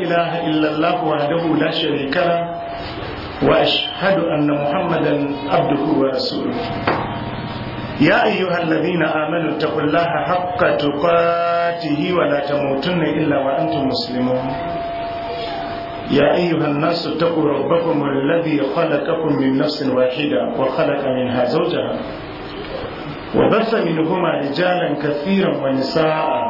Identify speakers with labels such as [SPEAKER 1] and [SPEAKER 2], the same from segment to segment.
[SPEAKER 1] ilaha illallah wahdahu la sharika la wa ashhadu anna muhammadan abduhu wa rasuluh ya ayyuha alladhina amanu taqullaha haqqa tuqatih wa la tamutunna illa wa antum muslimun يا wani الناس اتقوا ربكم الذي خلقكم من نفس واحدة وخلق منها زوجها وبث منهما رجالا كثيرا ونساء من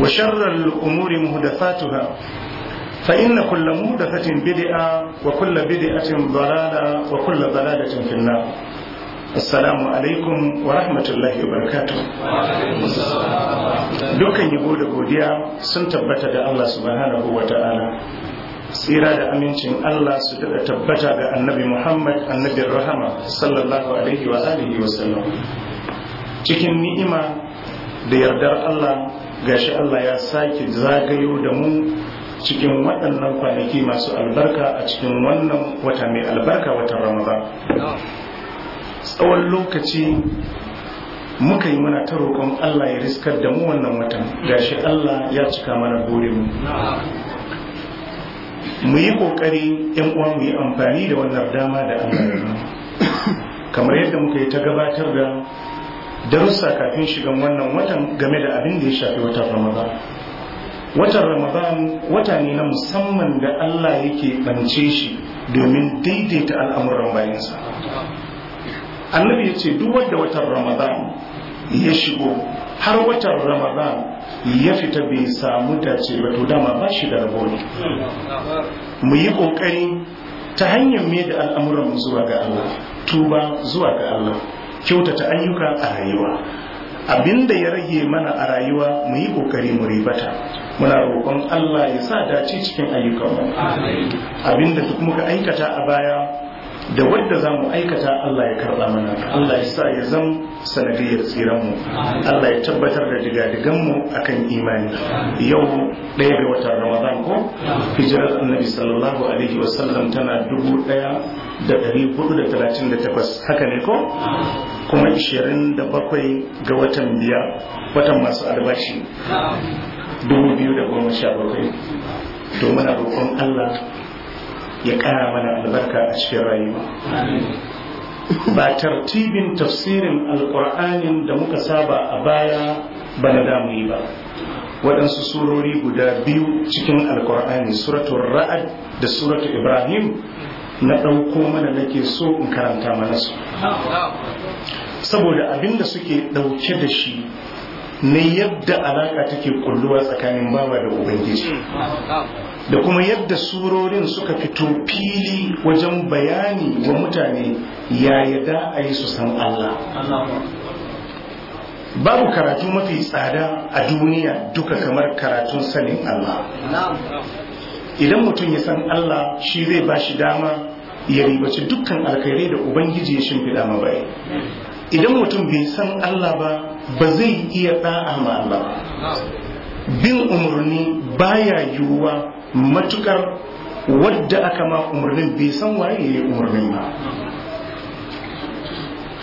[SPEAKER 1] وشر الأمور مهدفاتها فإن كل مهدفة بدعة وكل بدعة ضلالة وكل ضلالة في النار Assalamu alaikum wa rahmatullahi wa barakatuh. Dukan yabo da godiya sun tabbata da Allah Tsira da amincin Allah su daɗa tabbata ga annabi Muhammad annabi rahama sallallahu alaihi wa alihi wa sallam. Cikin ni'ima da yardar Allah gashi Allah ya sake zagayo da mu cikin waɗannan kwanaki masu albarka a cikin wannan wata mai albarka watan ramadan tsawon lokaci muka yi mana ta roƙon Allah ya riskar da mu wannan watan gashi Allah ya cika mana burin mu yi ƙoƙari yan uwa mu yi amfani da wannan dama da Allah kamar yadda muka yi ta gabatar da darussa kafin shigan wannan watan game da abin da ya shafi watan ramadan watan ramadan wata ne na musamman da allah yake bance shi domin daidaita al'amuran bayansa annabi ya ce duk wadda watan ramadan ya shigo har watan ramadan ya fita bai samu dace ba to dama ba shi da rabo mu yi kokari ta hanyar mai da al'amuran zuwa ga allah tuba zuwa ga allah kyautata ayyuka a rayuwa abinda ya rage mana a rayuwa mu yi kokari mu ribata muna roƙon Allah ya sa dace cikin ayyukan mu abinda duk muka aikata a baya da wadda za mu aikata Allah ya karɓa mana Allah ya sa ya zama sanadiyar tsiranmu Allah ya tabbatar da digadiganmu akan imani yau ɗaya ga watan ramadan ko hijirar annabi sallallahu alaihi wasallam tana dubu ɗaya da ɗari hudu da talatin da takwas haka ne ko kuma ishirin da bakwai ga watan biya watan masu albashi dubu biyu da goma sha bakwai to muna roƙon Allah ya ƙara mana albarka a cikin rayuwa ba tartibin tafsirin alkur'anin da muka saba a baya ba na damu yi ba waɗansu surori guda biyu cikin alkur'ani suratun ra'ad da suratun ibrahim na ɗauko mana nake so in karanta mana su saboda abin da suke ɗauke da shi na yadda alaƙa take ƙulluwa tsakanin bawa da ubangiji da kuma yadda surorin suka fito fili wajen bayani wa mutane ya yada a yi su san Allah babu karatu mafi tsada a duniya duka kamar karatun sanin Allah idan mutum ya san Allah shi zai ba shi dama ya ribaci dukkan alkhairai da ubangiji ya shimfiɗa ma bai idan mutum bai san Allah ba ba zai iya ɗa'a ma Allah bin umarni baya yiwuwa matukar wadda aka ma umarnin bai san waye ya yi umarnin ba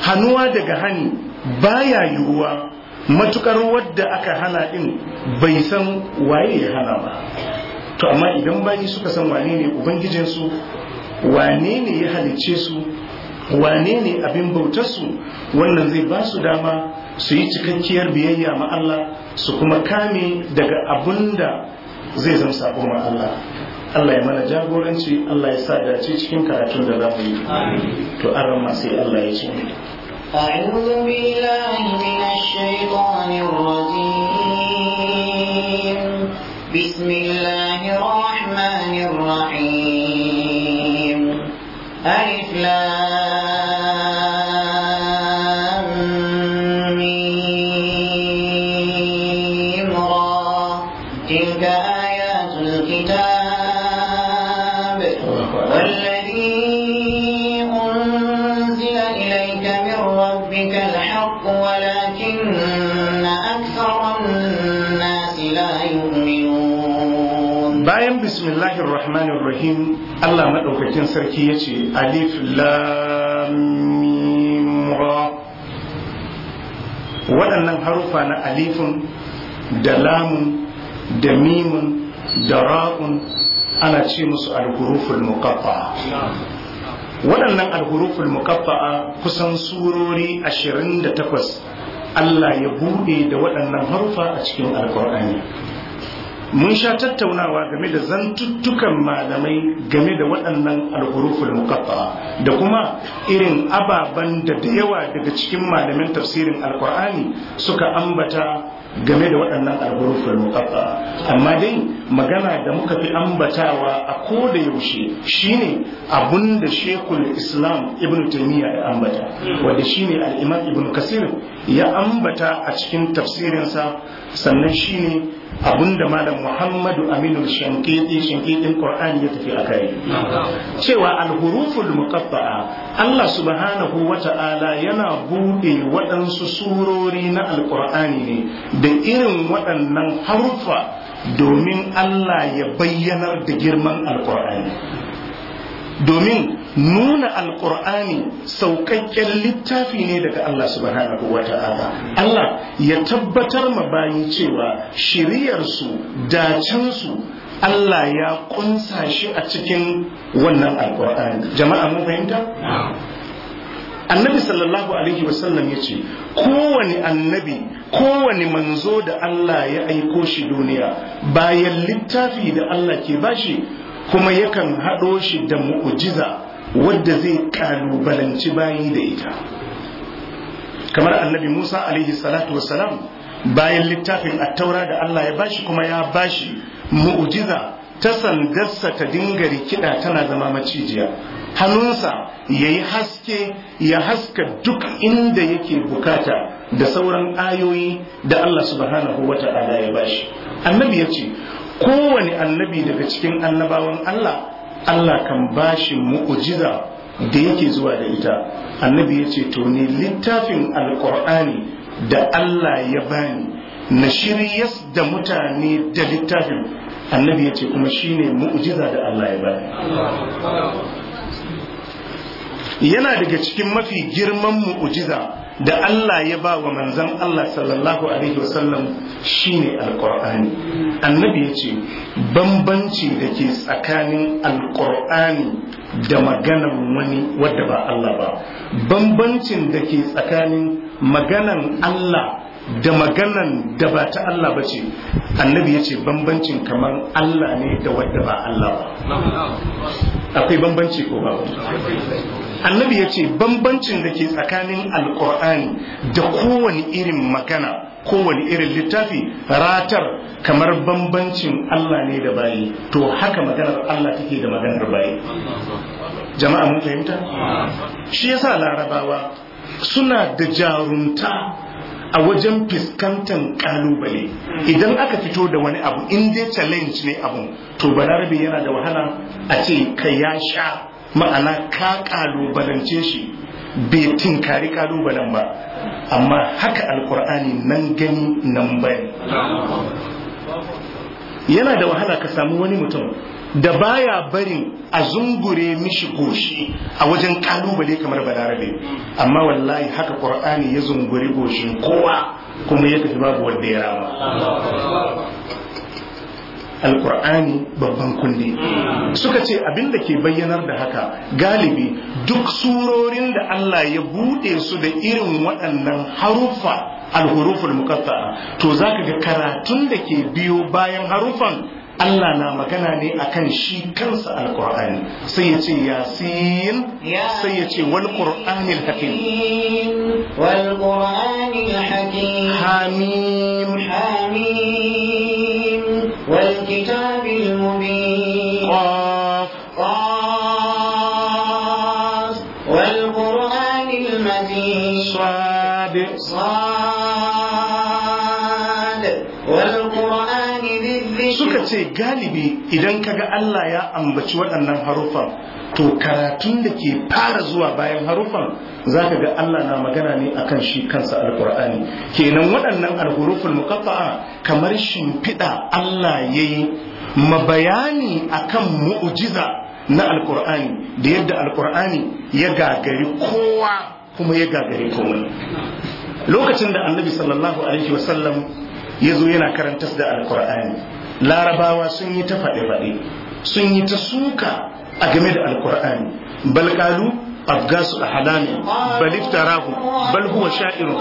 [SPEAKER 1] hannuwa daga hani baya yiwuwa matukar wadda aka hana din bai san waye ya hana ba to amma idan bani suka san wane ne ubangijinsu wane ne ya halice su wane ne abin bautarsu wannan zai ba su dama su yi cikakkiyar biyayya ma Allah su kuma kame daga abun da zai zama sako ma Allah Allah ya mana jagoranci Allah ya sa dace cikin karatun da za mu yi to an rama sai Allah ya ce
[SPEAKER 2] أعوذ بالله من الشيطان الرجيم بسم الله الرحمن الرحيم bayan bismillahir rahmanir rahim
[SPEAKER 1] Allah madaukakin sarki yace alif lam mim ra waɗannan na alifun da lamun da mimun da ra'un ana ce musu al-huruful waɗannan alhuruful mukaffa'a kusan surori 28 Allah ya buɗe da waɗannan harufa a cikin alkur'ani mun sha tattaunawa game da zantuttukan malamai game da waɗannan alhuruful mukaffa'a da kuma irin ababen da da yawa daga cikin malamin tafsirin alkur'ani suka ambata game da waɗannan alburufin muƙaɓɓa amma dai magana da muka fi ambatawa a ko da yaushe shine abun da shekul islam ibn taimiyya ya ambata wanda shine al'imam ibn kasir ya ambata a cikin tafsirinsa sannan shine abinda malam muhammadu aminu shankiti shankitin qur'ani ya tafi a kai cewa alhuruful muqatta'a Allah subhanahu wa yana bude waɗansu surori na alqur'ani ne da irin waɗannan harufa domin Allah ya bayyanar da girman alqur'ani domin nuna alkur'ani sauƙaƙƙen littafi ne daga Allah subhanahu wa ta'ala Allah ya tabbatar ma bayi cewa shiriyarsu su Allah ya kunsa shi a cikin wannan alkur'ani jama'a mun fahimta annabi sallallahu alaihi wasallam ya ce kowane annabi kowane manzo da Allah ya aiko shi duniya bayan littafi da Allah ke bashi kuma yakan haɗo shi da mu'ujiza wadda zai kalubalanci bayi da ita kamar annabi musa alaihi salatu wasalam bayan littafin attaura da allah ya bashi kuma ya bashi mu'ujiza ta sandarsa ta dinga rikida tana zama macijiya hannunsa ya yi haske ya haska duk inda yake bukata da sauran ayoyi da Allah subhanahu wa ta'ala ya bashi annabi ya ce kowane annabi daga cikin annabawan Allah Allah kan ba shi mu'ujiza da yake zuwa da ita annabi ya ce to ne littafin alkur'ani da Allah ya bani na shiryas da mutane da littafin annabi ya ce kuma shine mu'ujiza da Allah ya bani yana daga cikin mafi girman mu'ujiza da Allah ya ba wa manzan Allah sallallahu Alaihi wasallam shi ne alƙur'ani annabi ya ce bambanci da ke tsakanin alƙur'ani da maganan wani wadda ba Allah ba bambancin da ke tsakanin maganan Allah da maganan da ba ta Allah ba ce annabi ya ce bambancin kamar Allah ne da wadda ba Allah ba akwai bambanci ko ba annabi ya ce bambancin da ke tsakanin alkur'ani da kowane irin magana kowane irin littafi ratar kamar bambancin Allah ne da bayi to haka maganar Allah take da maganar bayi jama'a mun fahimta shi yasa larabawa suna da jarunta a wajen fiskantar kalubale idan aka fito da wani abu in dai challenge ne abu to balarabe yana da wahala a ce ka ya sha ma'ana ka kalubalance shi bai tinkari kalubalen ba amma haka alkur'ani nan gani nan bayan yana da wahala ka samu wani mutum da baya barin a zungure mishi goshi a wajen kalubale kamar balarabe amma wallahi haka ƙwar'ani ya zunguri goshin kowa kuma ya tafi babu wanda ya rama alkur'ani babban kunne suka ce abinda ke bayyanar da haka galibi duk surorin da Allah ya bude su da irin waɗannan harufa alhuruful muqatta'a to zaka ga karatun da ke biyo bayan harufan Allah na magana ne akan shi kansa alkur'ani sai ya ce yasin sai ya ce wal qur'anil hakim
[SPEAKER 2] wal qur'anil hakim hamim hamim
[SPEAKER 1] ce galibi idan kaga Allah ya ambaci waɗannan haruffan to karatun da ke fara zuwa bayan haruffan za ka ga Allah na magana ne akan shi kansa alkur'ani kenan waɗannan alhuruful muqatta'a kamar shimfiɗa Allah ya yi. mabayani akan mu'jiza na alkur'ani da yadda alkur'ani ya gagari kowa kuma ya gagari komai lokacin da annabi sallallahu alaihi wasallam ya zo yana karantar da alkur'ani larabawa sun yi ta faɗe-faɗe sun yi ta suka a game da alkur'ani balkalu afgasu a halami baliftarahu Balhu, wa Shairu.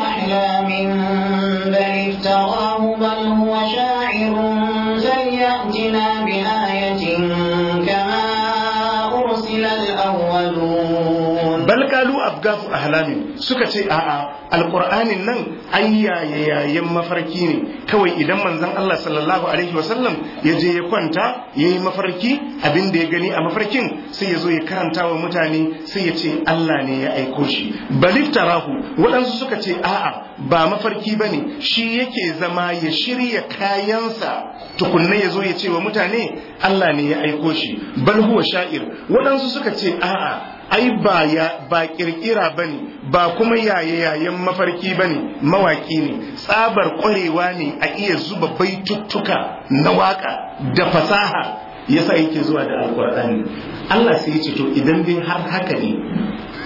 [SPEAKER 1] abgasu ahlami suka ce a'a alqur'anin nan ayyaye yayin mafarki ne kawai idan manzon Allah sallallahu alaihi wasallam ya je ya kwanta yayi mafarki abin da ya gani a mafarkin sai ya zo ya karanta wa mutane sai ya ce Allah ne ya aiko shi baliftarahu waɗansu suka ce a'a ba mafarki bane shi yake zama ya shirya kayansa tukunna ya zo ya ce wa mutane Allah ne ya aiko shi bal huwa sha'ir waɗansu suka ce a'a ai ba ya ba kirkira bane ba kuma yaye yayen mafarki bane mawaki ne tsabar kwarewa ne a iya zuba baituttuka na waka da fasaha yasa yake zuwa da alkur'ani Allah sai ya ce to idan dai har haka ne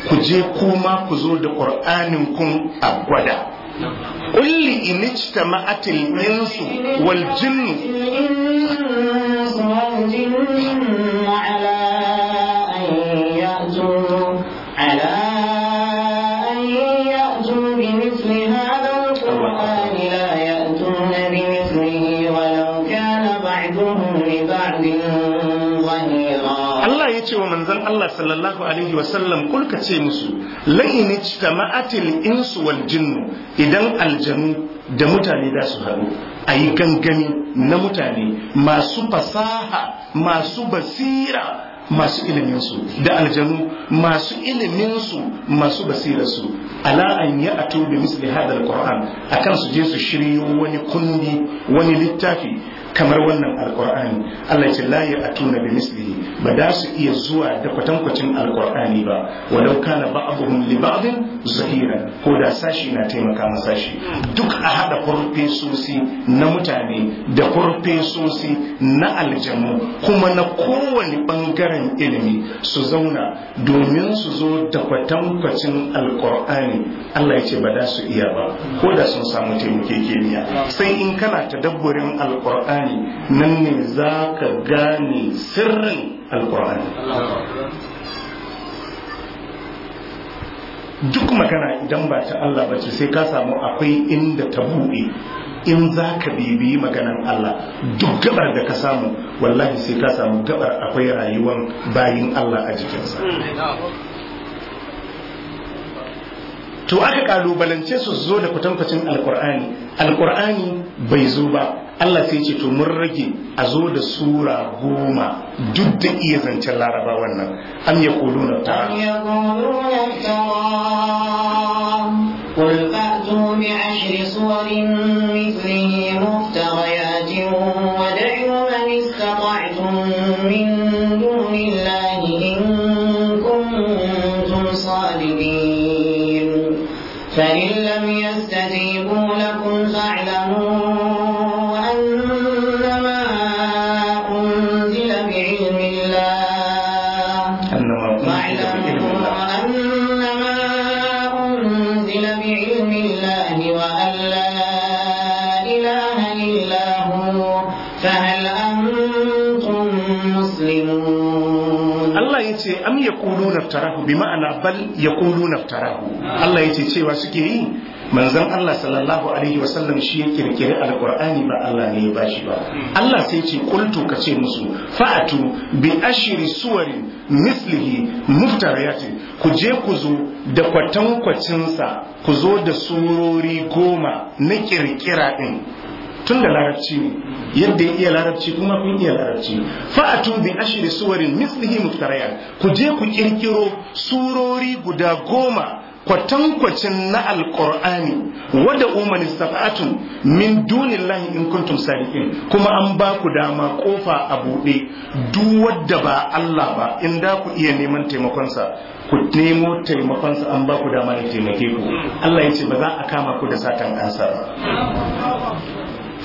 [SPEAKER 1] ku je kuma ku zo da qur'anin kun a gwada kulli inijtama'at al-insu wal jinnu sallallahu alaihi wasallam kulka ce musu la'in ijtama'atil insu wal jinnu idan aljanu da mutane za su haɗu a yi gangami na mutane masu fasaha masu basira masu iliminsu da aljanu masu iliminsu masu su ala an ya a tobe misali hadar qur'an akan su je su shiryo wani kundi wani littafi kamar wannan alkur'ani Allah ce la ya'tuna bi mislihi ba da su iya zuwa da kwatankwacin alkur'ani ba walau kana ba'dhum li ba'dhin zahira ko da sashi na taimaka masa sashi duk a hada farfesosi na mutane da farfesosi na aljamu kuma na kowane bangaren ilimi su zauna domin su zo da kwatankwacin alkur'ani Allah ya ce ba da su iya ba ko da sun samu taimakekeniya sai in kana tadabburin alkur'ani alkur'ani nan ne za ka gane sirrin alkur'ani duk magana idan ba ta Allah ba ce sai ka samu akwai inda ta buɗe in za ka bibiyi maganan Allah duk gabar da ka samu wallahi sai ka samu gabar akwai rayuwar bayin Allah a jikinsa to aka kalubalance su zo da kwatankwacin alkur'ani alkur'ani bai zo ba Allah sai ce to mun rage a zo da sura goma duk da iya zancen laraba wannan am ya kulu na ta naftarahu bi ma'ana bal yaqulu naftarahu Allah yace cewa suke yi manzon Allah sallallahu alaihi sallam shi ya kirkiri alqur'ani ba Allah ne ya bashi ba Allah sai ce qultu kace musu fa'atu bi ashri suwarin mislihi muftariyatin ku je ku zo da kwatankwacinsa ku zo da surori goma na kirkira din tun da larabci ne yadda ya iya larabci kuma kun iya larabci tun bi ashiri suwarin mislihi muftaraya ku je ku kirkiro surori guda goma kwatankwacin na alkur'ani wadda umarni istafa'atun min dunin lahi in kuntum sarikin kuma an ba ku dama kofa a buɗe duk wadda ba Allah ba in da ku iya neman taimakonsa ku nemo taimakonsa an ba ku dama ya taimake ku Allah ya ce ba za a kama ku da satan kansa ba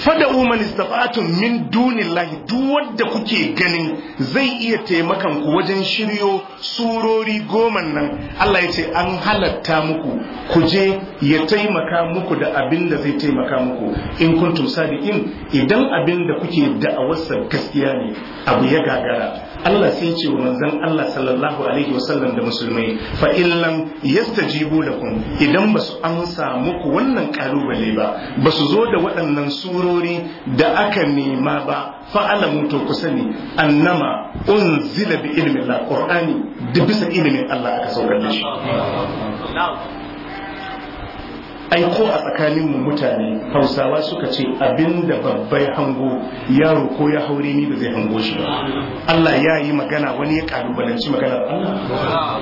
[SPEAKER 1] fada'u man istata'tum min dunillahi duk wanda kuke ganin zai iya taimakan ku wajen shiryo surori goma nan Allah yace an halatta muku ku je ya taimaka muku da abin da zai taimaka muku in kuntum sadiqin idan abin da kuke sa gaskiya ne abu ya gagara Allah sai ce wa manzon Allah sallallahu alaihi wasallam da musulmai fa in lam yastajibu lakum idan ba su amsa muku wannan ƙalubale ba ba su zo da waɗannan surori da aka nema ba fa'alamu to ku sani annama unzila bi ilmi Allah qur'ani bisa ilimin Allah aka saukar da shi ai ko a mu mutane hausawa suka ce abin abinda babbai hango yaro ko ya haure ni ba zai hango shi ba Allah ya yi magana wani ya kalubalanci magana Allah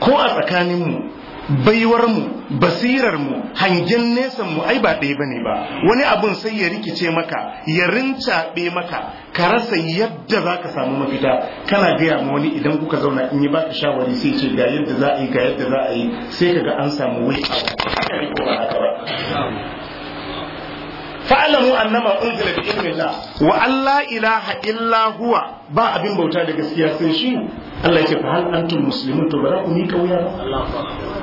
[SPEAKER 1] ko a tsakaninmu baiwar mu basirar mu hangen nesan mu ai ba ɗaya bane ba wani abun sai ya rikice maka ya rincaɓe maka ka rasa yadda za ka samu mafita kana gaya ma wani idan kuka zauna in yi baka shawari sai ce ga yadda za a yi ga yadda za a yi sai ka ga an samu wai fa'alamu annama unzila bi ilmillah wa alla ilaha illa huwa ba abin bauta da gaskiya sai shi Allah ya ce fa hal antum muslimun to ku mi kauya ba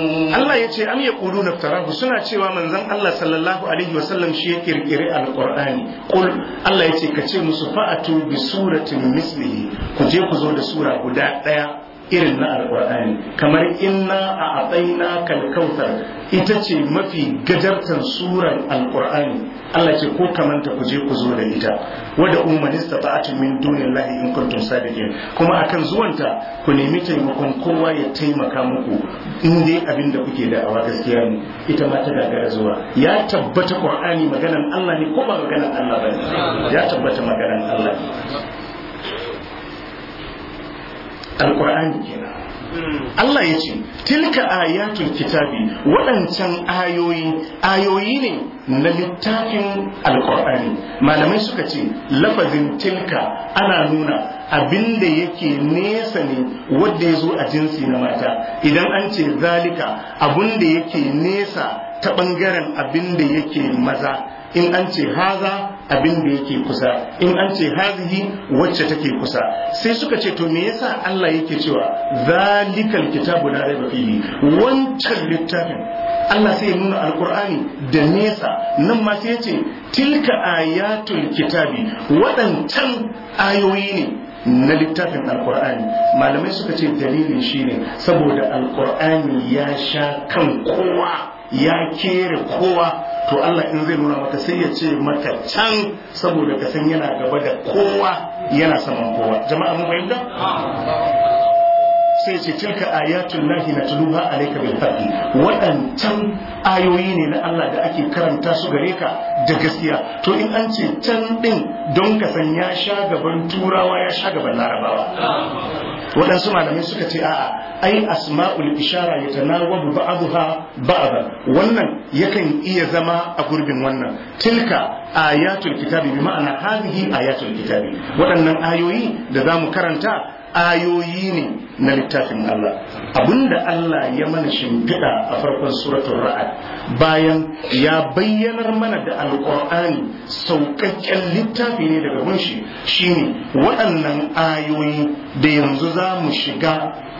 [SPEAKER 1] Allah ya ce am ya ƙudu naftarahu suna cewa manzan Allah sallallahu alaihi wasallam shi ya kirkiri alƙur'ani kul Allah ya ce ka ce musu fa'atu bi suratin mislihi ku je ku zo da sura guda ɗaya irin na alkur'ani kamar inna a atsaina kalkautar ita ce mafi gajartar surar alkur'ani Allah ce ko kamanta ku je ku zo da ita wada a ta'atun min lahi in kuntum sadiqin kuma akan zuwanta ku nemi taimakon kowa ya taimaka muku in dai abin da kuke da awa gaskiya ne ita ma ta gagara zuwa ya tabbata qur'ani maganan Allah ne ko ba maganan Allah bane ya tabbata maganan Allah ne alkur'ani kenan Allah ya ce tilka ayatul kitabi waɗancan ayoyi ayoyi ne na littafin alkur'ani malamai suka ce lafazin tilka ana nuna abinda yake nesa ne wadda ya zo a jinsi na mata idan an ce zalika da yake nesa ta ɓangaren abinda yake maza in an ce haza abin da yake kusa in an ce hazihi wacce take kusa sai suka ce to me yasa Allah yake cewa zalikal kitabu la raiba fihi wancan littafin Allah sai ya nuna alkur'ani da nesa nan ma sai ya ce tilka ayatul kitabi waɗancan ayoyi ne na littafin alkur'ani malamai suka ce dalilin shine saboda alkur'ani ya sha kan kowa ya kere kowa to Allah in zai nuna mata sai ya ce mata can saboda ka san yana gaba da kowa yana saman kowa jama'a mun fahimta sai ce tilka ayatul lahi tuluha alayka bil haqqi wadancan ayoyi ne na Allah da ake karanta su gare ka da gaskiya to in an ce can din don ka san ya sha gaban turawa ya sha gaban larabawa waɗansu malamai suka ce a'a ai asma'ul ishara ya tanawabu ba'daha ba'da wannan yakan iya zama a gurbin wannan tilka ayatul kitabi bi ma'ana hadhihi ayatul kitabi waɗannan ayoyi da zamu karanta ayoyi ne na littafin Allah abinda Allah ya mana shimfiɗa a farkon suratun ra'ad bayan ya bayyanar mana da alƙur'ani sauƙaƙƙen littafi ne daga gunshi shine waɗannan ayoyi da yanzu za mu shiga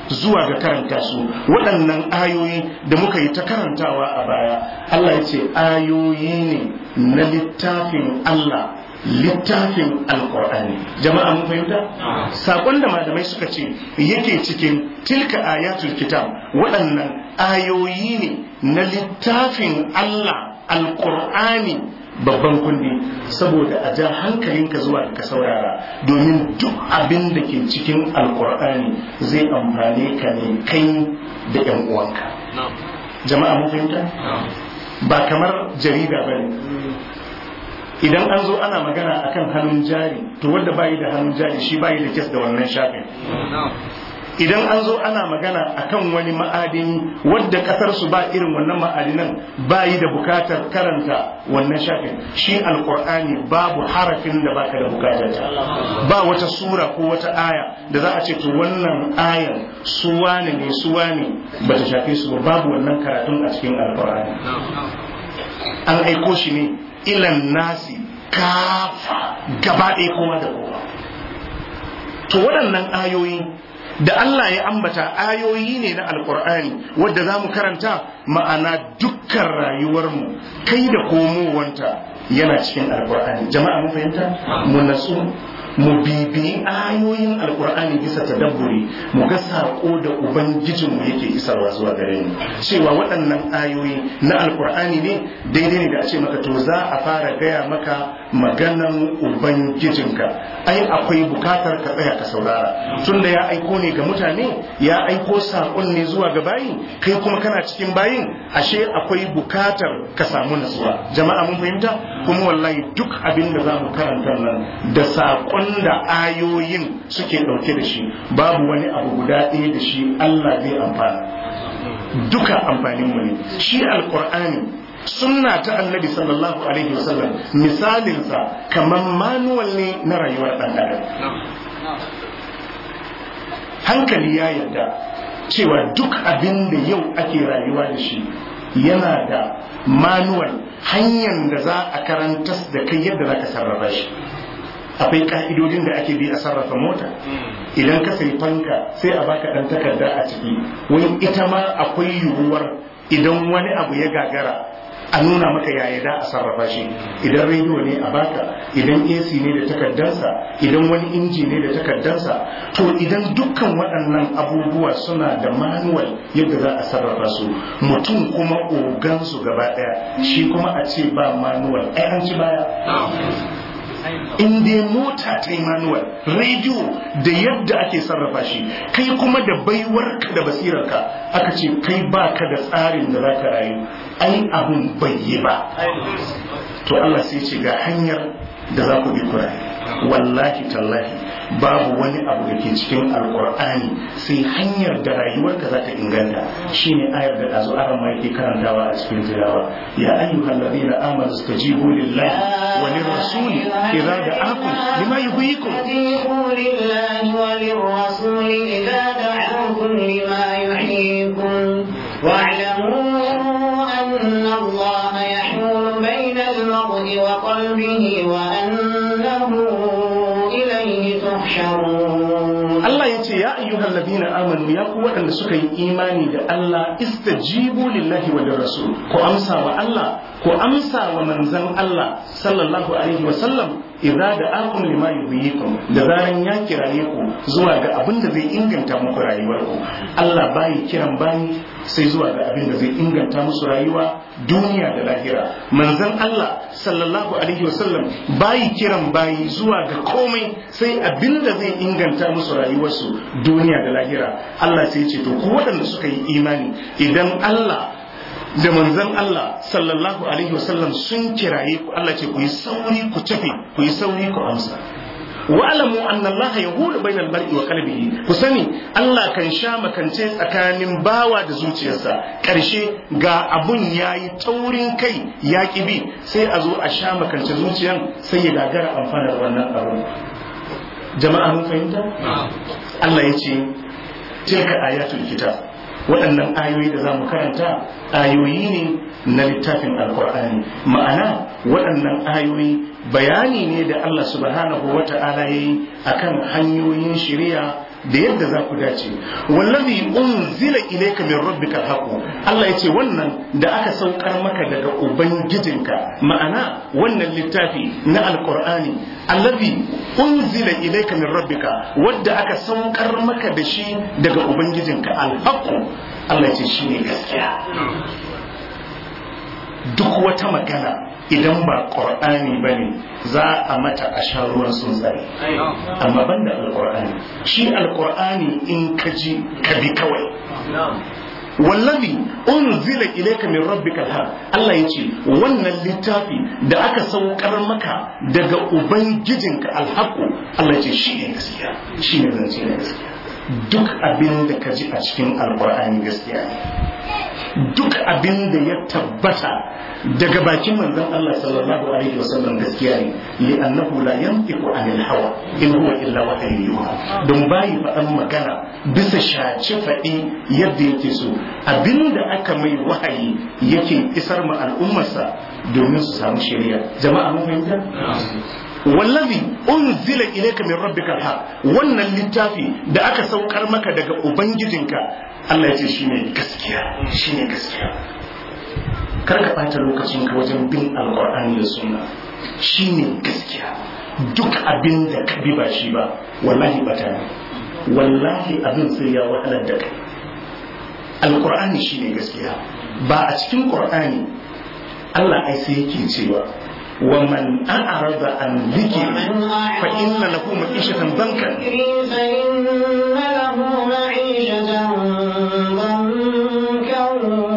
[SPEAKER 1] zuwa ga karanta su waɗannan ayoyi da muka yi ta karantawa a baya Allah ya ce ayoyi ne na littafin Allah littafin alkur'ani jama'a mun fahimta sakon da malamai suka ce yake cikin tilka ayatul kitab waɗannan ayoyi ne na littafin Allah alkur'ani babban kundi saboda a ja hankalinka zuwa ka saurara domin duk abin da ke cikin alkur'ani zai amfane ka ne kai da yan uwanka jama'a mun fahimta ba kamar jarida ba ne idan an zo ana magana akan hannun jari to wanda bayi da hannun jari shi bayi da kes da wannan shafin idan an zo ana magana akan wani ma'adin wadda kasar ba irin wannan ma'adinan bayi da bukatar karanta wannan shafin shi alkur'ani babu harafin da baka da bukatar ba wata sura ko wata aya da za a ce to wannan ayar suwa ne ne suwa ne bata shafe su ba babu wannan karatun a cikin alkur'ani an aiko shi ne ilan nasi kafa gaba ɗaya kuma da kowa to waɗannan ayoyi da Allah ya ambata ayoyi ne na alkur'ani wadda za mu karanta ma'ana dukkan rayuwarmu kai da komowanta yana cikin alkur'ani jama'a mu fahimta mu natsu mu bibiyi ayoyin alkur'ani bisa tadabburi mu ga sako da ubangijin mu yake isarwa zuwa gare mu cewa waɗannan ayoyi na alkur'ani ne daidai ne da a ce maka to za a fara gaya maka maganan ubangijinka ai akwai bukatar ka tsaya ka saurara tunda ya aiko ne ga mutane ya aiko saƙon ne zuwa ga bayi kai kuma kana cikin bayin ashe akwai bukatar ka samu nasuwa jama'a mun fahimta kuma wallahi duk abin da za mu karanta nan da saƙon abinda ayoyin suke ɗauke da shi babu wani abu guda ɗaya da shi Allah zai amfana duka amfanin ne shi alkur'ani sunna ta annabi sallallahu alaihi wasallam misalinsa kamar manuwal ne na rayuwar ɗan adam hankali ya yarda cewa duk abin da yau ake rayuwa da shi yana da manuwal hanyar da za a karantas da kai yadda za ka sarrafa shi akwai ƙa'idodin da ake bi a sarrafa mota idan ka sai fanka sai a baka dan takarda a ciki wani ita ma akwai yiwuwar idan wani abu ya gagara a nuna maka yaya da a sarrafa shi idan rediyo ne a baka idan ac ne da takardansa idan wani inji ne da takardansa to idan dukkan waɗannan abubuwa suna da manuwal yadda za a sarrafa su mutum kuma ogansu gaba ɗaya shi kuma a ce ba manuwal ai ci baya in dai mota ta manuwal rediyo da yadda ake sarrafa shi kai kuma da baiwarka da basirarka aka ce kai ba ka da tsarin da za ka rayu ai abun bai ba to Allah sai ce ga hanyar da za ku bi ku wallahi tallahi babu wani abu da ke cikin alkur'ani sai hanyar da rayuwarka za ta inganta shine ayar da ɗazu aran ma yake karantawa a cikin tilawa ya ladina amanu stajibu lillahi wa lirrasul idza da'akum
[SPEAKER 2] lima yuhyikum lillahi wa lirrasul idza da'akum lima yuhyikum wa'lamu anna allaha yahulu bayna al-mar'i wa qalbihi wa annahu
[SPEAKER 1] Allah ya ce ya ayyuhal ladina amanu ya ku waɗanda suka yi imani da Allah istajibu lillahi wa da rasul ku amsa wa Allah ku amsa wa manzan Allah sallallahu alaihi wa sallam idza da akum lima yuhyikum da zaran ya kiraye ku zuwa ga abin da zai inganta muku rayuwar ku Allah bai kiran bani sai zuwa ga abin da zai inganta musu rayuwa duniya da lahira manzon Allah sallallahu alaihi wasallam bai kiran bayi zuwa ga komai sai abin da zai inganta musu rayuwarsu duniya da lahira Allah sai ya ce to ku waɗanda suka yi imani idan Allah da manzan Allah sallallahu alaihi wasallam sun kiraye ku Allah ce ku yi sauri ku tafi ku yi sauri ku amsa wa'lamu anna Allah yahulu bainal bari wa qalbihi ku sani Allah kan sha makance tsakanin bawa da zuciyarsa karshe ga abun yayi taurin kai ya bi sai a zo a sha makance zuciyan sai ya gagara amfanar wannan abu jama'a mun fahimta Allah ya ce tilka ayatul kitab waɗannan ayoyi da za mu karanta ayoyi ne na littafin alkur'ani ma'ana waɗannan ayoyi bayani ne da Allah subhanahu wa ta'ala ya yi akan hanyoyin shirya da yadda za ku dace wallazi unzila ilayka min rabbika alhaq Allah yace wannan da aka saukar maka daga ubangijinka ma'ana wannan littafi na alqur'ani allazi unzila ilayka min rabbika wanda aka saukar maka da shi daga ubangijinka alhaq Allah yace shine gaskiya duk wata magana idan ba ƙur'ani ba ne za a mata a sha ruwan sun amma ban da alƙur'ani shi alƙur'ani in ka ji ka bi kawai wallazi unzila ilayka min rabbi haq Allah yace wannan littafi da aka saukar maka daga ubangijinka alhaqu Allah yace shi ne gaskiya shi ne zance gaskiya duk abin da ka ji a cikin alkur'ani gaskiya ne duk abin da ya tabbata daga bakin manzon Allah sallallahu alaihi wasallam gaskiya ne li annahu la yantiqu anil hawa in huwa illa yi yuha don bayi faɗan magana bisa shaci faɗi yadda yake so abin da aka mai wahayi yake isar ma al'ummarsa domin su samu shari'a jama'a mun fahimta wallazi unzila ilayka min rabbika alhaq wannan littafi da aka saukar maka daga ubangijinka Allah ya ce shine gaskiya shine gaskiya kar ka bata lokacin ka wajen bin alqur'ani da sunna shine gaskiya duk abin da ka bi ba shi ba wallahi ta ne wallahi abin sai ya wahalar da kai alqur'ani shine gaskiya ba a cikin qur'ani Allah ai sai yake cewa ومن أعرض عن ذكر فإن له معيشة ضنكا
[SPEAKER 2] فإن له معيشة ضنكا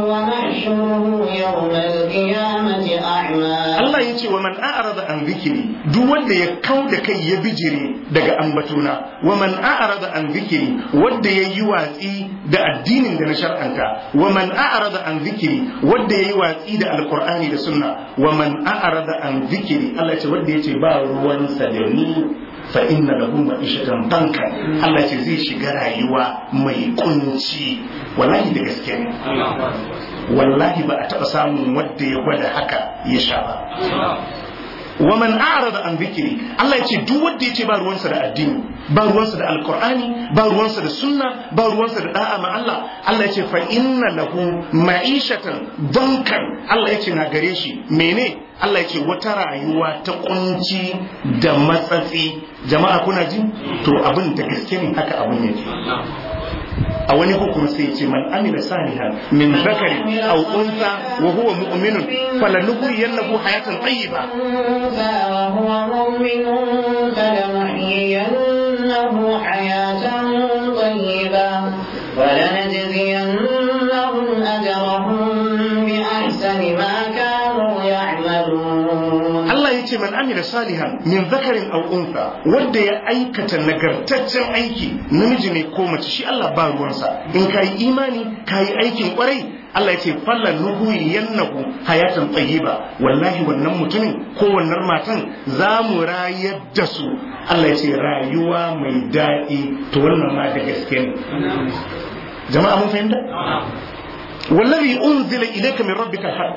[SPEAKER 2] ونحشره يوم القيامة أعمى الله يجي ومن أعرض
[SPEAKER 1] عن ذكري duk wanda ya kau da kai ya bijire daga ambatuna wa man a'rada an zikiri wanda ya yi watsi da addinin da na shar'anta wa man a'rada an zikiri wanda ya yi watsi da alqur'ani da sunna wa man a'rada an zikiri Allah ce wanda yace ba ruwan sa da ni fa inna lahum ma'ishatan banka Allah ce zai shiga rayuwa mai kunci wallahi da gaske ne wallahi ba a taba samun wanda ya gwada haka ya sha ba wa man a'rada an zikiri Allah ya ce duk wanda yace ba ruwansa da addini ba ruwansa da alqur'ani ba ruwansa da sunna ba ruwansa da da'a ma Allah Allah ya ce fa inna lahu ma'ishatan dankan Allah ya ce na gare shi mene Allah ya ce wata rayuwa ta kunci da matsatsi jama'a kuna ji to abin da gaske ne haka abin yake أولي حكم سيتي من عمل صالحا من ذكر أو أنثى وهو مؤمن فلنبوي له
[SPEAKER 2] حياة طيبة وهو مؤمن فلنحيينه حياة طيبة ولنجزينهم أجرهم بأحسن ما كانوا يعملون
[SPEAKER 1] yace man amila salihan min zakarin aw unsa wanda ya aikata nagartaccen aiki namiji ne ko mace shi Allah ba ruwansa in kai imani kai aikin kwarai Allah ya ce falla nuhuyi yannahu hayatan tayyiba wallahi wannan mutumin ko wannan matan za mu rayar da su Allah ya ce rayuwa mai daɗi to wannan ma da gaske ne jama'a mun fahimta wallahi unzila ilayka min rabbika al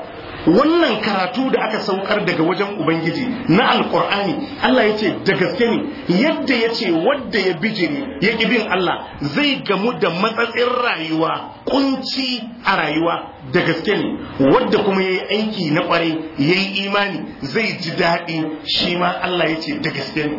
[SPEAKER 1] wannan karatu da aka saukar daga wajen ubangiji na alkur'ani Allah ya ce da gaske ne yadda ya ce wadda ya bijiri ya ƙi bin Allah zai gamu da matsatsin rayuwa kunci a rayuwa da gaske ne wadda kuma ya yi aiki na kwarai ya yi imani zai ji daɗi shi ma Allah ya ce da gaske ne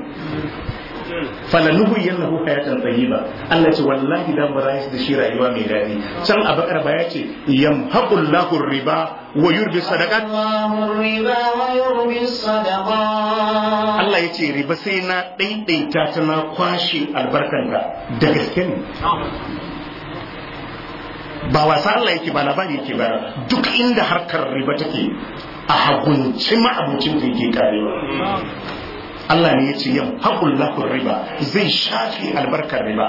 [SPEAKER 1] falanuhu yannahu hayatan tayyiba Allah ce wallahi dan mu rayu da shi rayuwa mai daɗi can a bakar ba ce yamhaqullahu riba wa yurbi sadaqat
[SPEAKER 2] Allah
[SPEAKER 1] ya ce riba sai na daidaita ta na kwashe ka da gaske ne ba wasa Allah yake ba labari yake ba duk inda harkar riba take a hagunci ma'abucin da yake karewa Allah ne ya ce yau haƙun lakun riba zai shafe albarkar riba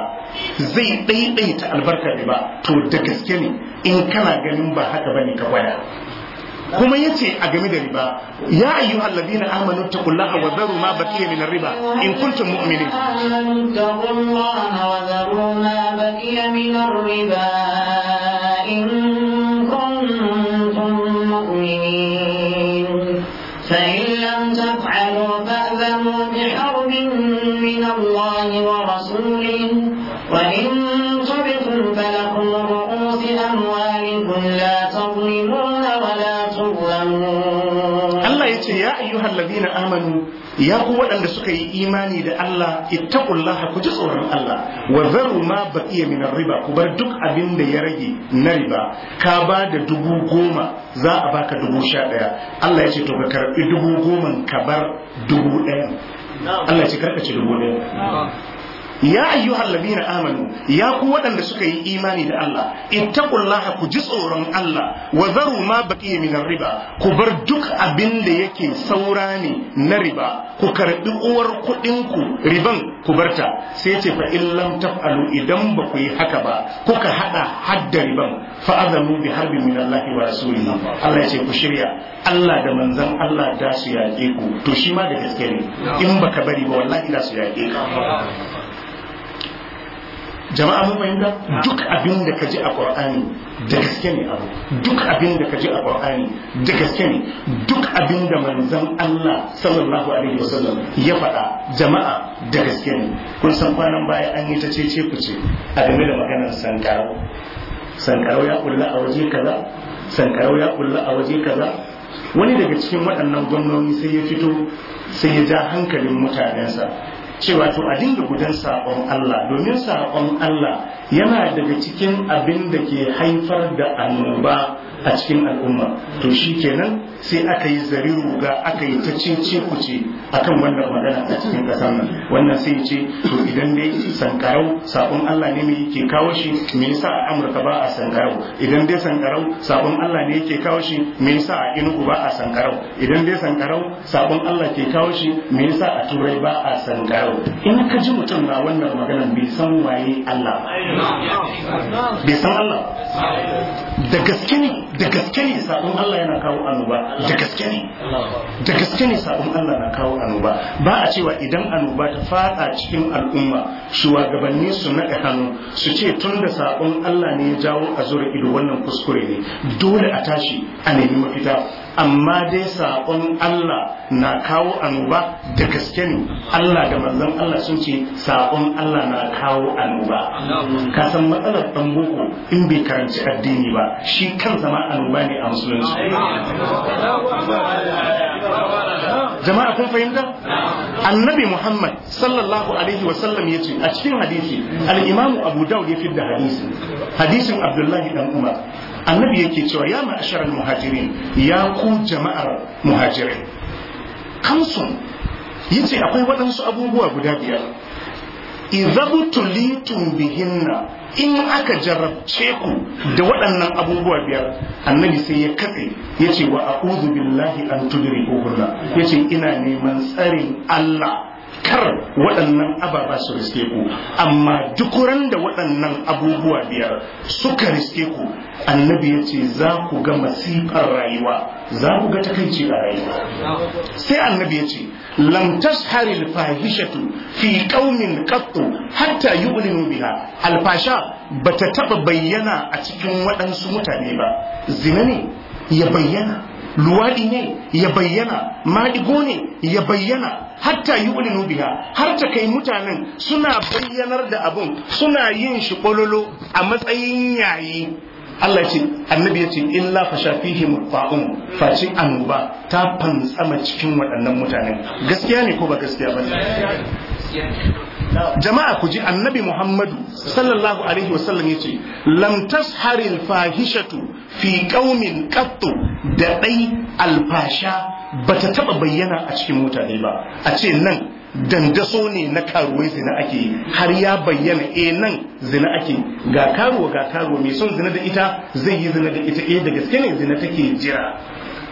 [SPEAKER 1] zai ɗaiɗaita albarkar riba to da gaske ne in kana ganin ba haka bane ka kwaya. kuma ya ce a game da riba ya ayyu alladina amanu kula a wazaruma ma baqiya min riba in kunta mumini
[SPEAKER 2] taqullaha in من الله ورسوله وإن تبتم فلكم رؤوس أموالكم لا تظلمون ولا تظلمون الله يتي يا أيها
[SPEAKER 1] الذين آمنوا ya ku waɗanda suka yi imani da Allah ittaqullaha ku ji tsoron Allah wa zaru ma baqiya riba ku bar duk abin da ya rage na riba ka ba da dubu goma za a baka dubu sha ɗaya Allah ya ce to ka karɓi dubu goma ka bar dubu ɗaya Allah ci karka ci dubu ɗaya ya ayyuhal ladina amanu ya ku waɗanda suka yi imani da Allah ittaqullaha ku ji tsoron Allah wa zaru ma baqiya min riba ku bar duk abin da yake saura ne na riba ku karbi uwar kuɗin ku riban ku barta sai ce fa in lam taf'alu idan ba ku yi haka ba kuka hada hadda riban fa azanu bi harbi min Allah wa rasulina Allah ya ce ku shirya Allah da manzan Allah da su yaƙe ku to shi ma da gaske ne in baka bari ba wallahi da su yaƙe ka jama'a mun fahimta duk abin da ka ji a ƙwar'ani da gaske ne abu duk abin da ka ji a ƙwar'ani da gaske ne duk abin da manzon Allah sallallahu alaihi wasallam ya faɗa jama'a da gaske ne kun san kwanan baya an yi ta cece ku ce a game da maganar sankarau sankarau ya kulla a waje kaza sankarau ya kulla a waje kaza wani daga cikin waɗannan gwamnoni sai ya fito sai ya ja hankalin mutanensa cewa to a dinga gudan saƙon Allah domin saƙon Allah yana daga cikin abin da ke haifar da annoba a cikin al'umma to shi kenan sai aka yi zariru ga aka yi ta cece kuce kan wannan magana a cikin ƙasar nan wannan sai ce to idan dai sankarau sabon Allah ne mai yake kawo shi me yasa a Amurka ba a sankarau idan dai sankarau sabon Allah ne yake kawo shi me yasa a Inuku ba a sankarau idan dai sankarau sabon Allah ke kawo shi me yasa a Turai ba a sankarau kyau in ka ji mutum na wannan magana bai san waye Allah bai san Allah da gaske ne da gaske ne sabon Allah yana kawo annuba. da gaske ne da gaske ne sabon Allah na kawo annuba. ba a cewa idan annuba ta fada cikin al'umma shugabanni su naɗa hannu su ce tun da sabon Allah ne ya jawo a zura ido wannan kuskure ne dole a tashi a nemi mafita amma dai saƙon Allah na kawo annoba da gaske ne Allah da manzon Allah sun ce saƙon Allah na kawo annoba ka san matsalar ɗan boko in bai karanci addini ba shi kan zama annoba ne a musulunci jama'a kun fahimta annabi muhammad sallallahu alaihi wa sallam ya a cikin hadisi al-imamu abu dawud ya fidda hadisi hadisin abdullahi dan umar annabi yake cewa ya ma'ashar muhajirin ya ku jama'ar muhajirai kamsun yace akwai waɗansu abubuwa guda biyar izabtulitum bihinna in aka jarabce ku da waɗannan abubuwa biyar annabi sai ya katse yace wa a'udhu billahi an Ya yace ina neman tsarin Allah kar waɗannan ababa su riske ku amma duk ran da waɗannan abubuwa biyar suka riske ku annabi ya ce za ku ga masifar rayuwa za ku ga takaici a rayuwa sai annabi ya ce lam tashhari alfahishatu fi qaumin qattu hatta yu'linu biha alfasha bata taba bayyana a cikin waɗansu mutane ba zina ne ya bayyana luwaɗi ne ya bayyana maɗigo ne ya bayyana hatta yi ulinu biya har ta kai mutanen suna bayyanar da abun suna yin shi ƙololo a matsayin yayi Allah ce annabi ya ce illa fa shafihi mutfa'un face annoba ta fantsama cikin waɗannan mutanen gaskiya ne ko ba gaskiya ba jama'a ku ji annabi Muhammadu sallallahu alaihi wasallam ya ce lam tasharil fahishatu fi ƙaumin ƙattu da ɗai alfasha ba ta taɓa bayyana a cikin mutane ba a ce nan dandaso ne na karuwai zina ake har ya bayyana e nan zina ake ga karuwa ga karuwa mai son zina da ita zai yi zina da ita e da gaske ne zina take jira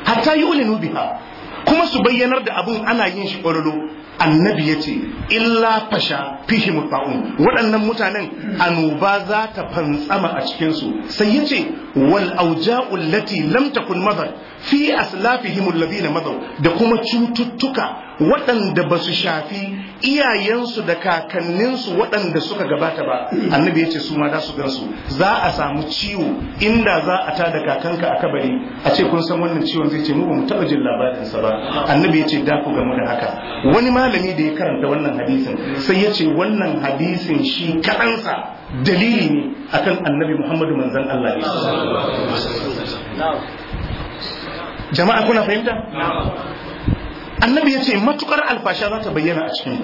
[SPEAKER 1] hatta yi ulinu biha kuma su bayyanar da abun ana yin shi ƙwararro annabi ya ce illa fasha fihim ta'un waɗannan mutanen annoba za ta fantsama a cikinsu sai ya ce wal auja'u lati lam takun madar fi aslafihim alladhina madaw da kuma cututtuka waɗanda ba su shafi iyayensu da kakanninsu waɗanda suka gabata ba annabi yace su ma da su gansu za a samu ciwo inda za a ta da kakanka a kabari a ce kun san wannan ciwon zai ce mu ba mu taɓa jin labarin sa ba annabi yace da ku gamu da haka wani malami da ya karanta wannan hadisin sai yace wannan hadisin shi kaɗansa dalili ne akan annabi Muhammadu manzon Allah ne jama'a kuna fahimta annabi ya ce matukar alfasha za ta bayyana a cikin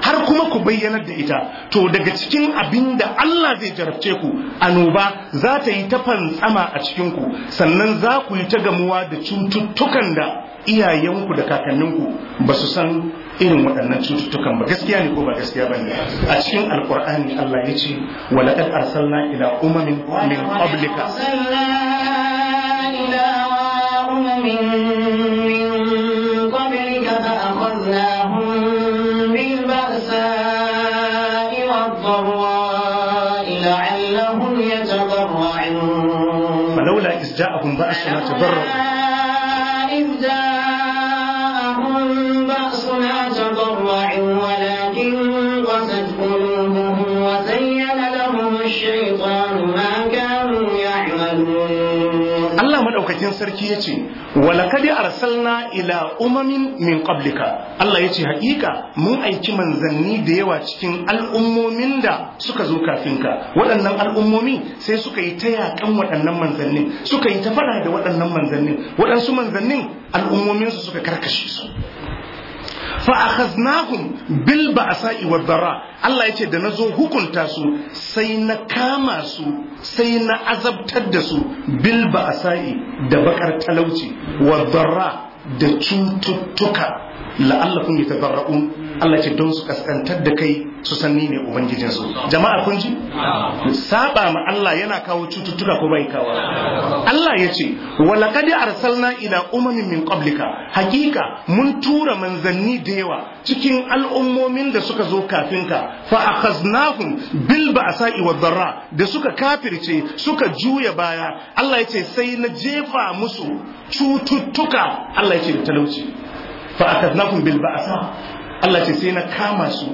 [SPEAKER 1] har kuma ku bayyanar da ita to daga cikin abin da Allah zai jarabce ku annoba za ta yi ta fantsama a cikin ku sannan za ku yi ta gamuwa da cututtukan da iyayenku da kakanninku ba su san irin waɗannan cututtukan ba gaskiya ne ko ba gaskiya ba ne a cikin alkur'ani Allah ya ce wa laqad arsalna ila umamin min qablika قوم إذ جاءهم بأسنا
[SPEAKER 2] تضرعوا إذ جاءهم بأسنا تضرعوا ولكن قست قلوبهم وزين لهم الشيطان ما كانوا يعملون
[SPEAKER 1] الله مدعوكتين سركي يتي walakad arsalna ila umamin min qablika Allah ce hakika mun aiki manzanni da yawa cikin al'ummomin da suka zo kafin ka waɗannan al'ummomi sai suka yi ta yakan waɗannan manzannin suka yi ta fada da waɗannan manzannin waɗansu manzannin al'ummomin su suka karkashe su fa bilba bil ba'sa'i wad dara Allah yace da nazo hukunta su sai na kama su sai na azabtar da su bil ba'sa'i da bakar talauci wad dara da cututtuka kun yi yatabarra'un Allah ce don su kaskantar da kai su san ni ne ubangijinsu. jama'a kun ji saba ma Allah yana kawo cututtuka ko bai kawo Allah ya ce wa laqad arsalna ila umamin min qablika hakika mun tura manzanni da yawa cikin al'ummomin da suka zo kafin ka fa akhaznahum bil ba'sa'i wad darra da suka kafirce suka juya baya Allah ya ce sai na jefa musu cututtuka Allah ya ce da talauci fa bilba bil ba'sa Allah ce sai na kama su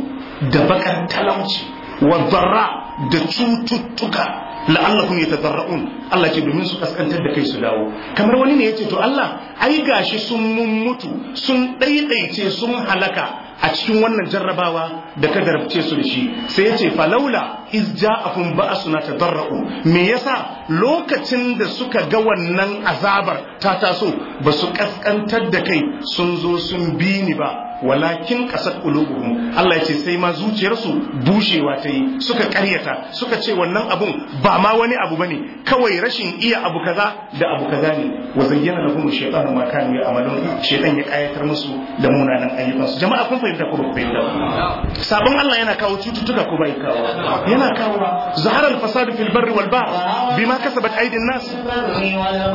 [SPEAKER 1] da bakar talauci wa zarra da cututtuka la'allakum yatadarra'un Allah ce domin su kaskantar da kai su dawo kamar wani ne yace to Allah ai gashi sun mummutu, sun daidaice sun halaka a cikin wannan jarrabawa da ka garbce su da shi sai yace falaula iz ja'akum ba'suna tadarra'u me yasa lokacin da suka ga wannan azabar ta taso ba su kaskantar da kai sun zo sun bi ni ba walakin kasat qulubuhum Allah ya ce sai ma zuciyarsu bushewa ta yi suka karyata suka ce wannan abun ba ma wani abu bane kawai rashin iya abu kaza da abu kaza ne wa zayyana lahum shaytanu ma kanu ya'malun shaytan ya kayatar musu da munanan ayyukan su jama'a kun fahimta ko ba fahimta sabon Allah yana kawo cututtuka ko bai kawo yana kawo zahar al-fasad fil barri wal bahr bima kasabat aydin nas بما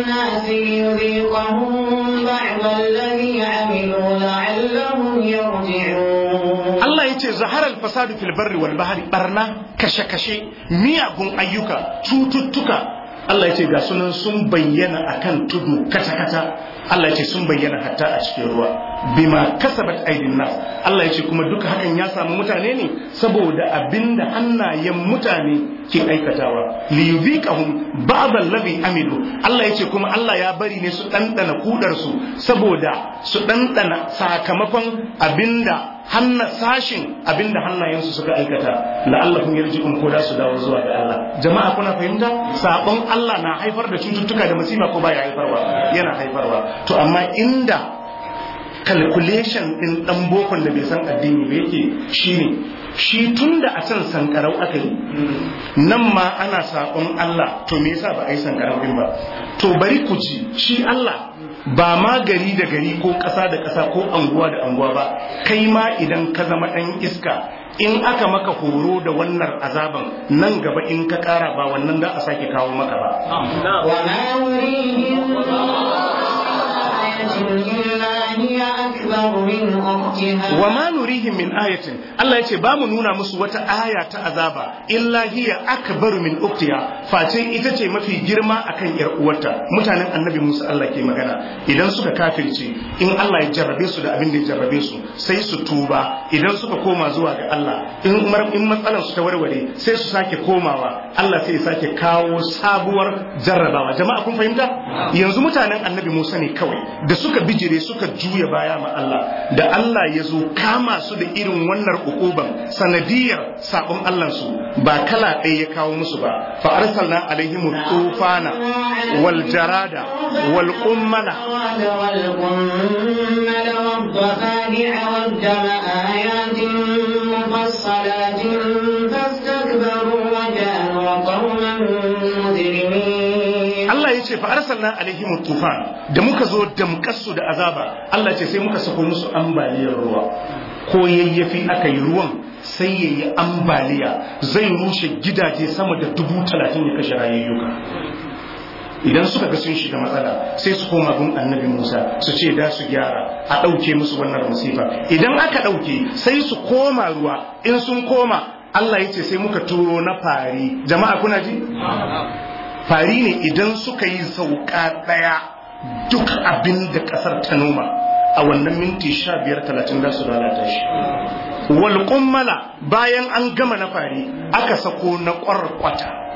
[SPEAKER 2] nas allah
[SPEAKER 1] ya ce zaharar fasadu الله wani bahari barna kashe kashe miyagun ayyuka كشكشي Allah ya ce ga sunan sun bayyana akan tudu kata-kata Allah ya ce sun bayyana hatta a cikin ruwa bima kasabat aidin nas Allah ya ce kuma duka hakan ya samu mutane ne saboda abinda hannayen mutane kin aikatawa li yuzikahum ba'd allazi amilu Allah yace kuma Allah ya bari ne su dandana kudar saboda su dandana sakamakon abinda hanna sashin abinda hannayensu suka aikata kun yarji kun koda su dawo zuwa ga Allah jama'a kuna fahimta sabon Allah na haifar da cututtuka da masifa ko baya haifarwa yana haifarwa to amma inda calculation ɗin ɗan bokon da bai san addini ba yake shine shi tun da a can sankarau aka yi nan ma ana saƙon Allah to me yasa ba a yi sankarau ɗin ba to bari ku ci shi Allah ba ma gari da gari ko ƙasa da ƙasa ko anguwa da anguwa ba kai ma idan ka zama ɗan iska in aka maka horo da wannan azaban nan gaba in ka ƙara ba wannan za a sake kawo maka ba. wa ma nurihim min ayatin Allah ya ce ba mu nuna musu wata aya ta azaba illa hiya akbaru min uktiya face ita ce mafi girma akan yar uwarta mutanen annabi Musa Allah ke magana idan suka kafirce in Allah ya jarrabe su da abin da ya jarrabe su sai su tuba idan suka koma zuwa ga Allah in in matsalar su ta warware sai su sake komawa Allah sai ya sake kawo sabuwar jarrabawa jama'a kun fahimta yanzu mutanen annabi Musa ne kawai da suka bijire suka juya baya ma Allah da Allah ya zo kama kama su da irin wannan ukuban sanadiyar sabon allansu ba kala ɗaya ya kawo musu ba fa arsalna alaihim tufana wal jarada wal qummala
[SPEAKER 2] wal qummala wad dhabi'a wad dama ayatin mufassalatin fastakbaru wa kanu qauman
[SPEAKER 1] mujrimin Allah ya ce fa arsalna alaihim tufan da muka zo damkassu da azaba Allah ce sai muka sako musu ambaliyar ruwa ko yayyafi aka yi ruwan sai ya ambaliya zai rushe gidaje sama da dubu talatin ya kashe rayayyuka idan suka ga sun shiga matsala sai su koma gun annabi musa su ce da su gyara a ɗauke musu wannan musifa idan aka ɗauke sai su koma ruwa in sun koma allah ya ce sai muka turo na fari jama'a kuna ji fari ne idan suka yi sauka ɗaya duk abin da ƙasar ta noma a wannan minti sha biyar talatin za su lalata shi wal bayan an gama na fari aka sako na ƙwarƙwata.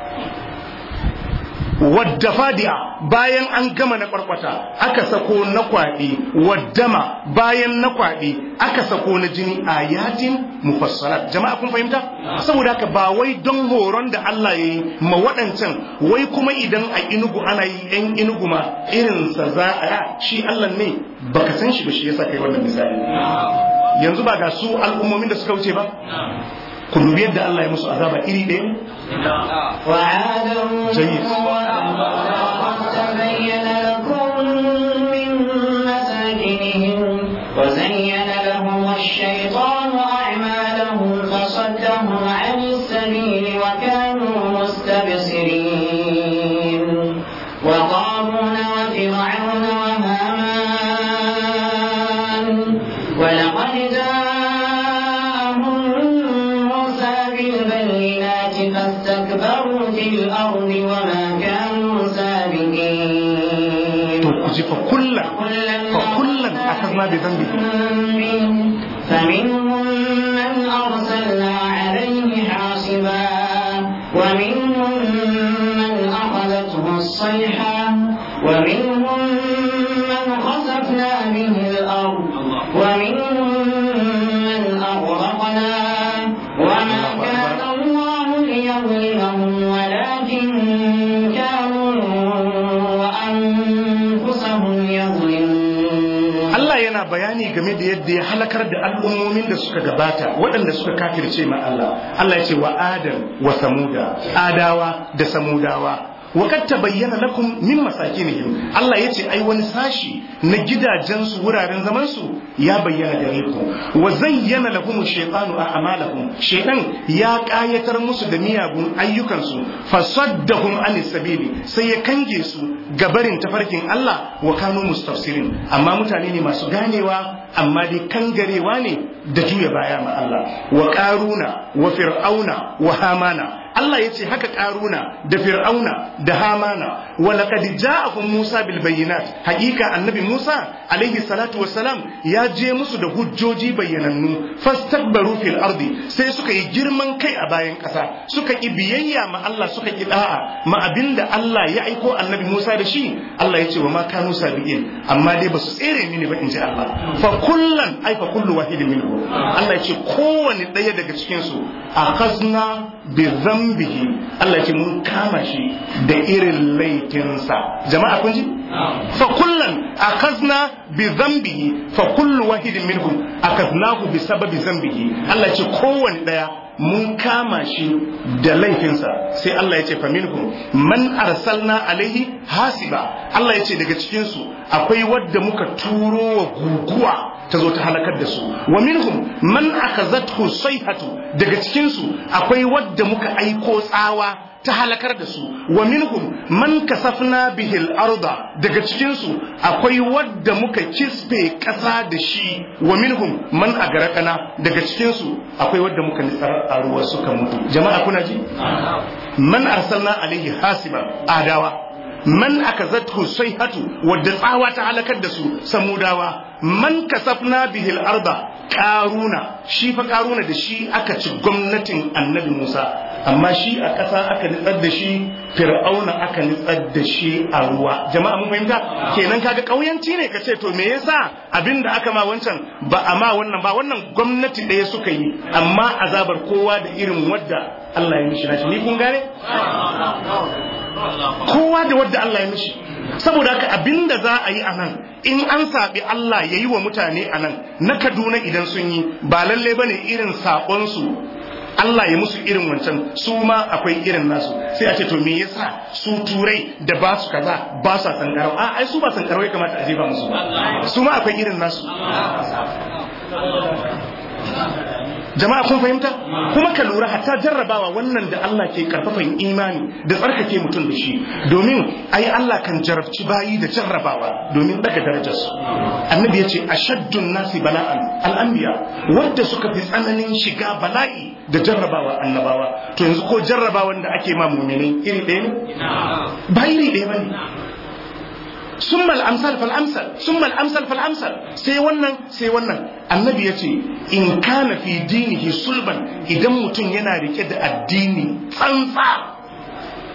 [SPEAKER 1] wadda fadi'a bayan an gama na kwarkwata aka sako na kwaɗi waddama bayan na kwaɗi aka sako na jini a ayatin mufassalat jama'a kun fahimta saboda haka ba wai don horon da Allah ya yi ma waɗancan wai kuma idan a inugu ana yi yan inugu ma irin sa za a shi Allah ne baka san shi ba shi yasa kai wannan misali yanzu ba ga su al'ummomin da suka wuce ba ku dubi yadda Allah ya musu azaba iri ɗaya?
[SPEAKER 2] Wa'adar different people.
[SPEAKER 1] da ya halakar da al'ummomin da suka gabata waɗanda suka kafirce ma Allah Allah ya ce wa adam wa samuda adawa da samudawa wa kad tabayyana lakum min masakinihim Allah ya ce ai wani sashi na gidajensu wuraren zamansu ya bayyana gare ku wa zayyana a shaytanu a'malahum shaytan ya kayatar musu da miyagun ayyukan su fasaddahum an sabili sai ya kange su ga barin tafarkin Allah wa kanu tafsirin. amma mutane ne masu ganewa amma dai kangarewa ne da juya baya ma Allah wa karuna wa fir'auna wa hamana Allah ya ce haka karuna da fir'auna da hamana wa laqad ja'akum Musa bil bayyinat hakika annabi Musa alaihi salatu wassalam ya je musu da hujjoji bayyanannu fastakbaru fil ardi sai suka yi girman kai a bayan kasa suka ki biyayya ma Allah suka ki da'a ma abinda Allah ya aiko annabi Musa da shi Allah ya ce wa ma kanu sabiqin amma dai basu tsere mini ba in ji Allah fa kullan ai fa kullu wahidin minhu Allah ya ce kowanne daya daga cikin su akhazna bi zambihi Allah ce mun kama shi da irin laifinsa jama'a kun ji fa kullan akhazna bi zambihi fa kullu wahidin minhum akhadnahu bi sababi zambihi Allah ce kowanne daya mun kama shi da laifinsa sai Allah ya ce faminhum man arsalna alaihi hasiba Allah ya ce daga cikinsu akwai wadda muka turo wa guguwa ta zo ta halakar da su wa minhum man akhazathu sayhatu daga cikinsu akwai wadda muka aiko tsawa ta halakar da su wa minhum man kasafna bihil arda daga cikin su akwai wadda muka kispe kasa da shi wa minhum man agarakana daga cikin su akwai wadda muka nisar a ruwa suka mutu jama'a kuna ji man arsalna alaihi hasiba adawa man aka sai hatu wadda tsawa ta halakar da su samudawa man kasafna bihil arda karuna shi fa karuna da shi aka ci gwamnatin annabi Musa amma shi a ƙasa aka nitsar da shi fir'auna aka nitsar da shi a ruwa jama'a mun fahimta kenan kaga kauyanci ne ka ce, to me yasa abinda aka ma wancan ba a ma wannan ba wannan gwamnati ɗaya suka yi amma azabar kowa da irin wadda Allah ya mishi nashi ni kun gane kowa da wadda Allah ya mishi saboda haka abinda za a yi a nan in an saɓi Allah ya yi wa mutane a nan na Kaduna idan sun yi ba lalle ba ne irin saƙonsu Allah ya musu irin wancan su ma akwai irin nasu sai a ce to me yasa su turai da ba su kaza ba su sankarau a ai su ba sankarau ya kamata a jefa musu su ma akwai irin nasu jama'a kun fahimta kuma ka lura hatta jarrabawa wannan da Allah ke karfafan imani da tsarkake mutum da shi domin ai Allah kan jarabci bayi da jarrabawa domin daga darajar su annabi ya ce ashaddun nasi bala'an al'anbiya wanda suka fi tsananin shiga bala'i da jarrabawa annabawa to yanzu ko jarrabawan da ake ma muminai iri ɗaya ne ba iri ɗaya ba ne summal amsal fal amsal summal amsal fal amsal sai wannan sai wannan annabi ya ce in kana fi dinihi sulban idan mutum yana rike da addini tsantsa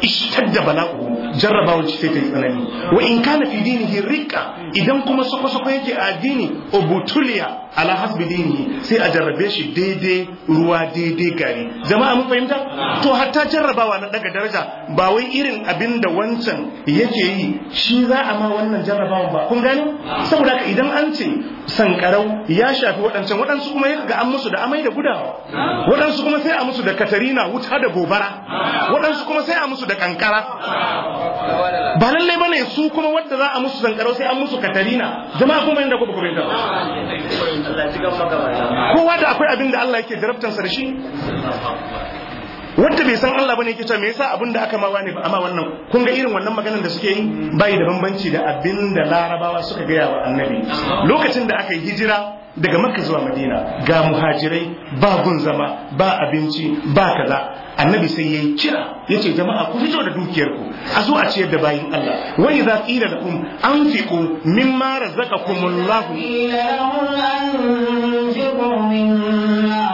[SPEAKER 1] ishtadda bala'u jarrabawar ci sai ta yi tsanani wa in kana fi dinihi rika idan kuma sako-sako yake addini obutuliya ala hasbi dini sai a jarrabe shi daidai ruwa daidai gari jama'a mun fahimta to hatta jarrabawa na daga daraja ba wai irin abin da wancan yake yi shi za a ma wannan jarrabawa ba kun gane saboda ka idan an ce sankarau ya shafi waɗancan waɗansu kuma ya ga an musu da amai da gudawa waɗansu kuma sai a musu da katarina wuta da gobara waɗansu kuma sai a musu da kankara ba lallai bane su kuma wadda za a musu sankarau sai an musu katarina jama'a kuma yanda ku
[SPEAKER 3] ba ku kowa
[SPEAKER 1] da akwai abin da Allah yake jarabtansa da shi wanda bai san Allah bane yake cewa me yasa abin da aka ma wani ba amma wannan kun ga irin wannan maganar da suke yi bai da bambanci da abin da larabawa suka gaya wa annabi lokacin da aka yi hijira daga makka zuwa madina ga muhajirai ba gun zama ba abinci ba kaza annabi sai yayi kira yace jama'a ku fito da dukiyarku a zo a ciyar da bayin Allah wa idza qila lakum
[SPEAKER 2] anfiqu mimma razaqakumullahu anfiqu mimma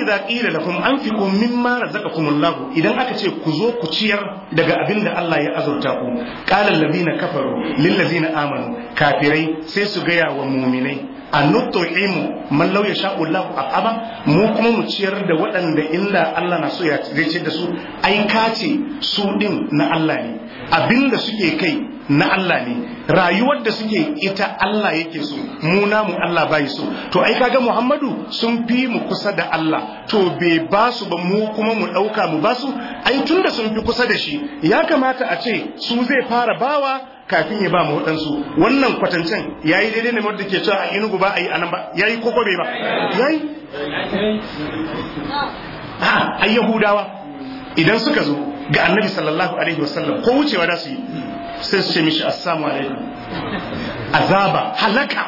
[SPEAKER 1] idza qila lakum anfiqu mimma razaqakumullah idan aka ce ku zo ku ciyar daga abin da Allah ya azurta ku qala allazina kafaru lil na amanu kafirai sai su gaya wa mu'minai a nutu'imu man law yasha'u Allah at'ama mu kuma mu ciyar da waɗanda illa Allah na so ya zai da su ai ka ce su ɗin na Allah ne abinda suke kai na Allah ne rayuwar da suke ita Allah yake so mu namu Allah bai so to ai kaga Muhammadu sun fi mu kusa da Allah to bai ba su ba mu kuma mu ɗauka mu ba su ai tunda sun fi kusa da shi ya kamata a ce su zai fara bawa kafin ya ba mu waɗansu wannan kwatancen ya yi daidai ne wadda ke cewa a inugu ba a yi anan ba ya yi koko bai ba ya yi a yahudawa idan suka zo ga annabi sallallahu alaihi wasallam ko wucewa da su yi sai su ce mishi assalamu alaikum azaba halaka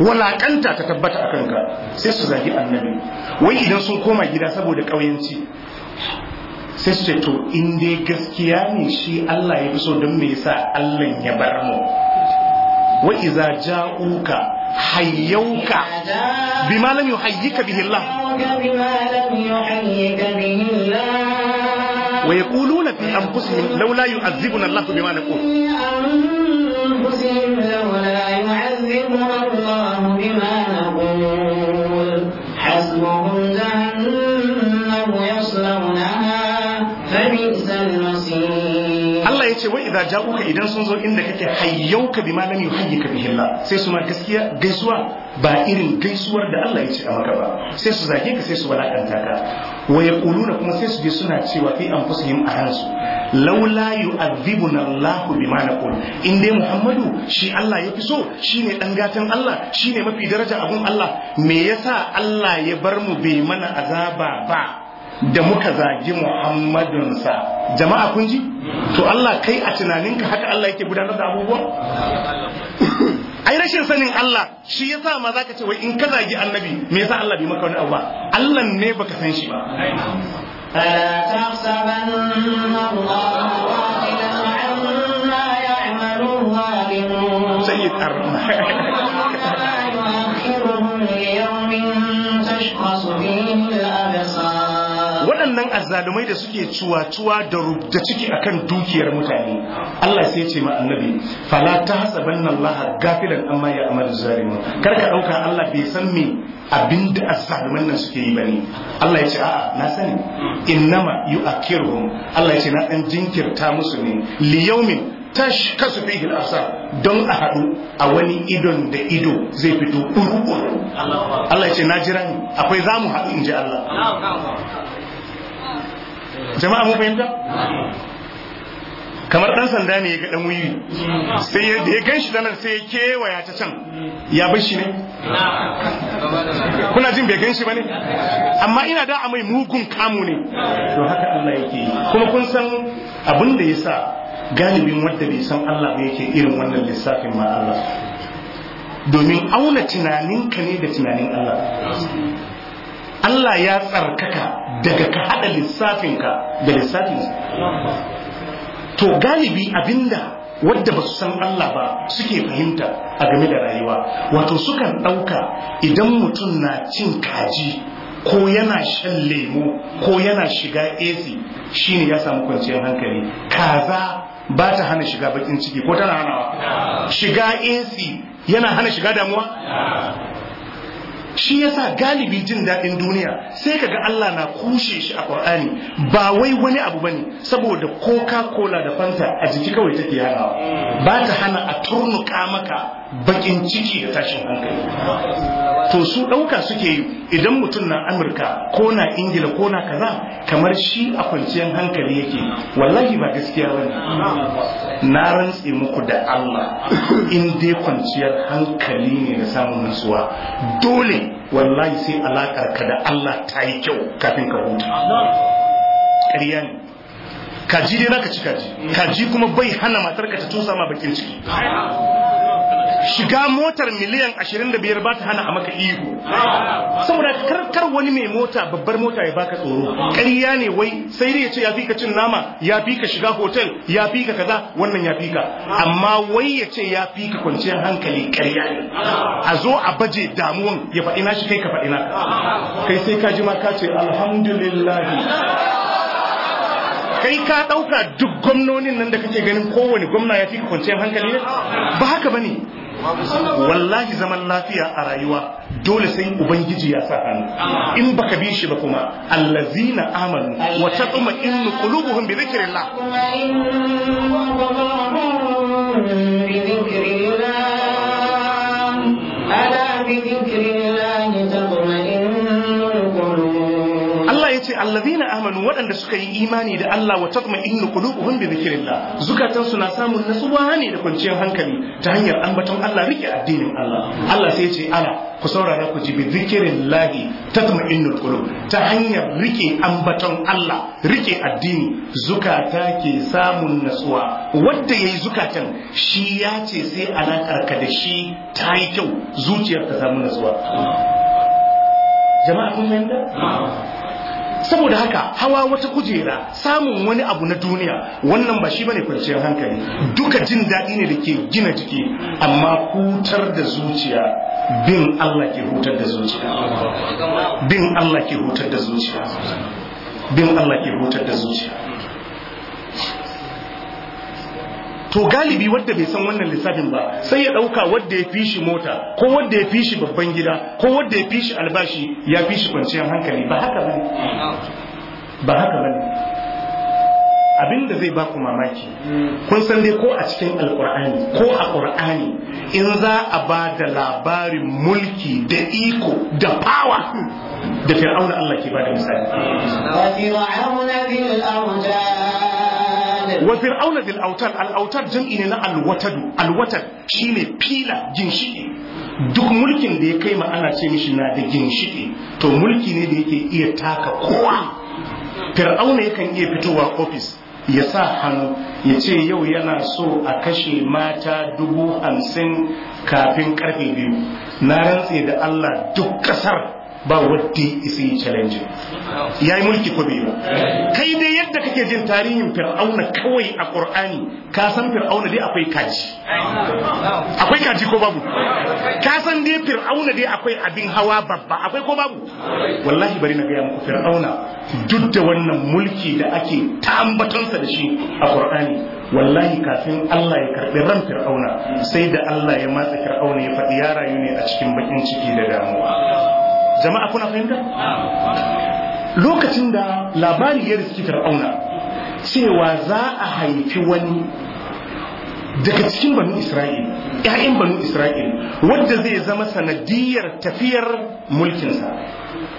[SPEAKER 1] walakanta ta tabbata a kanka sai su zagi annabi wai idan sun koma gida saboda ƙauyenci sai su to in dai gaskiya ne shi Allah ya fi so don me yasa Allah ya bar mu wa iza ja'uka hayyauka bima lam yuhayyika bihi Allah wa
[SPEAKER 2] yaquluna fi anfusihim laula yu'azzibuna Allah bima naqul anfusihim laula yu'azzibuna Allah bima
[SPEAKER 1] idza ja'uka idan sun zo inda kake hayyauka bima lam yuhayyika bihi Allah sai su ma gaskiya gaisuwa ba irin gaisuwar da Allah ya ce a maka ba sai su zage ka sai su walakanta ka wa yaquluna kuma sai su je suna cewa fi anfusihim a ransu laula yu'adhibuna Allah bima naqul in dai Muhammadu shi Allah ya fi so shine dan gatan Allah shine mafi daraja abun Allah me yasa Allah ya bar mu bai mana azaba ba da muka zagi muhammadunsa jama'a kun ji to Allah kai a tunaninka haka Allah yake gudanar da abubuwa ai rashin sanin Allah shi yasa ma zaka ce wai in ka zagi annabi me yasa Allah bai maka wani abu ba Allah ne baka san shi ba
[SPEAKER 2] فلا
[SPEAKER 1] waɗannan azzalumai da suke cuwa-cuwa da rubda ciki akan dukiyar mutane Allah sai ce ma annabi fala ta bannan Allah gafilan amma ya amalu zalimin kar ka ɗauka Allah bai san me abinda azzaluman nan suke yi ba ne. Allah ya ce a'a na sani innama yu'akkiruhum Allah ya ce na ɗan jinkirta musu ne li yawmin kasu fi al don a haɗu a wani idon da ido zai fito uru Allah ya ce na jira ni akwai zamu in ji Allah jama'a mun fahimta kamar dan sanda ne ya ga dan wiwi sai ya da ganshi da nan sai ya kewaya ta can ya bar shi ne kuna jin bai ganshi bane amma ina da amai mugun kamu ne to haka Allah yake kuma kun san abin da yasa galibin wanda bai san Allah ba yake irin wannan lissafin ma Allah domin auna tunanin ka ne da tunanin Allah Allah ya tsarkaka daga ka hada lissafinka da lissafinsa to galibi abinda wadda ba su san Allah ba suke fahimta a game da rayuwa wato sukan ɗauka idan mutum na cin kaji ko yana shan lemu ko yana shiga AC shine ya samu kwanciyar hankali kaza ba ta hana shiga bakin ciki ko tana hanawa shiga AC yana hana shiga damuwa shi yasa galibi jin daɗin duniya sai kaga Allah na kushe shi a Qur'ani ba wai wani abu bane saboda Coca-Cola da Fanta a jiki kawai take yarawa ba ta hana a turnuka maka bakin ciki da tashin hankali to su ɗauka suke yi idan mutum na amurka ko na ingila ko na kaza kamar shi a kwanciyar hankali yake wallahi ba gaskiya ba ne na rantse muku da allah in dai kwanciyar hankali ne da samun nutsuwa dole wallahi sai alakar ka da allah ta yi kyau kafin ka huta ƙaryani kaji dai naka ci kaji kaji kuma bai hana matarka ta tusa ma bakin ciki shiga motar miliyan 25 ba ta hana a maka ihu saboda karkar wani mai mota babbar mota ya baka tsoro ƙarya ne wai sai dai ya ce ya fi ka cin nama ya fi ka shiga hotel ya fi ka kaza wannan ya fi ka amma wai ya ce ya fi ka kwanciyar hankali ƙarya ne a zo a baje damuwan ya faɗi na shi kai ka faɗi na kai sai ka ji ma ka ce alhamdulillah kai ka ɗauka duk gwamnonin nan da kake ganin kowane gwamna ya fi kwanciyar hankali ne ba haka ba ne wallahi zaman lafiya a rayuwa dole sai ubangiji ya sa hannu in baka bi shi ba kuma allazina amanu wa taqma innu qulubuhum bi dhikrillah allazina amanu waɗanda suka yi imani da Allah wa tatma'innu qulubuhum bi dhikrillah zukatan suna samun natsuwa ne da kwanciyar hankali ta hanyar ambaton Allah rike addinin Allah Allah sai ya ce ala ku saurara ku ji bi dhikrillah tatma'innul qulub ta hanyar rike ambaton Allah rike addini zukata ke samun natsuwa wanda yayi zukatan shi ya ce sai alakar ka da shi ta yi kyau zuciyar ta samu natsuwa jama'a kun fahimta saboda haka hawa wata kujera samun wani abu na duniya wannan ba shi bane kwanciyar hankali duka jin daɗi ne da ke gina jiki amma hutar da zuciya bin Allah ke hutar da zuciya bin Allah ke hutar da zuciya bin Allah ke hutar da zuciya to galibi wadda bai san wannan lissafin ba sai ya dauka wadda ya fishi mota ko wadda ya fi babban gida ko wadda ya fi albashi ya fishi shi kwanciyar hankali ba haka bane ba haka bane abin zai baku mamaki kun san dai ko a cikin alkur'ani ko a qur'ani in za a ba da labarin mulki da iko da fawa da fir'auna Allah ke ba da misali wa fir'auna bil autar al autar jam'i ne na al alwatadu watad shine fila ginshiki duk mulkin da ya kai ma ana ce mishi na da ginshiki to mulki ne da yake iya taka kowa fir'auna yakan iya fitowa office ya sa hannu ya ce yau yana so a kashe mata dubu hamsin kafin karfe biyu na rantse da Allah duk kasar ba wadda isi yi challenge ya yi mulki ko ba kai dai yadda kake jin tarihin fir'auna kawai a ƙor'ani ka san fir'auna dai akwai kaji akwai kaji ko babu ka san dai fir'auna dai akwai abin hawa babba akwai ko babu wallahi bari na gaya muku fir'auna duk da wannan mulki da ake ta ambatonsa da shi a ƙur'ani wallahi kafin Allah ya karɓi ran fir'auna sai da Allah ya matsa fir'auna ya faɗi ya rayu ne a cikin bakin ciki da damuwa jama'a kuna fahimta lokacin da labari ya riski fir'auna cewa za a haifi wani daga cikin banu isra'il ‘ya'yan banu isra'il wanda zai zama sanadiyar tafiyar mulkinsa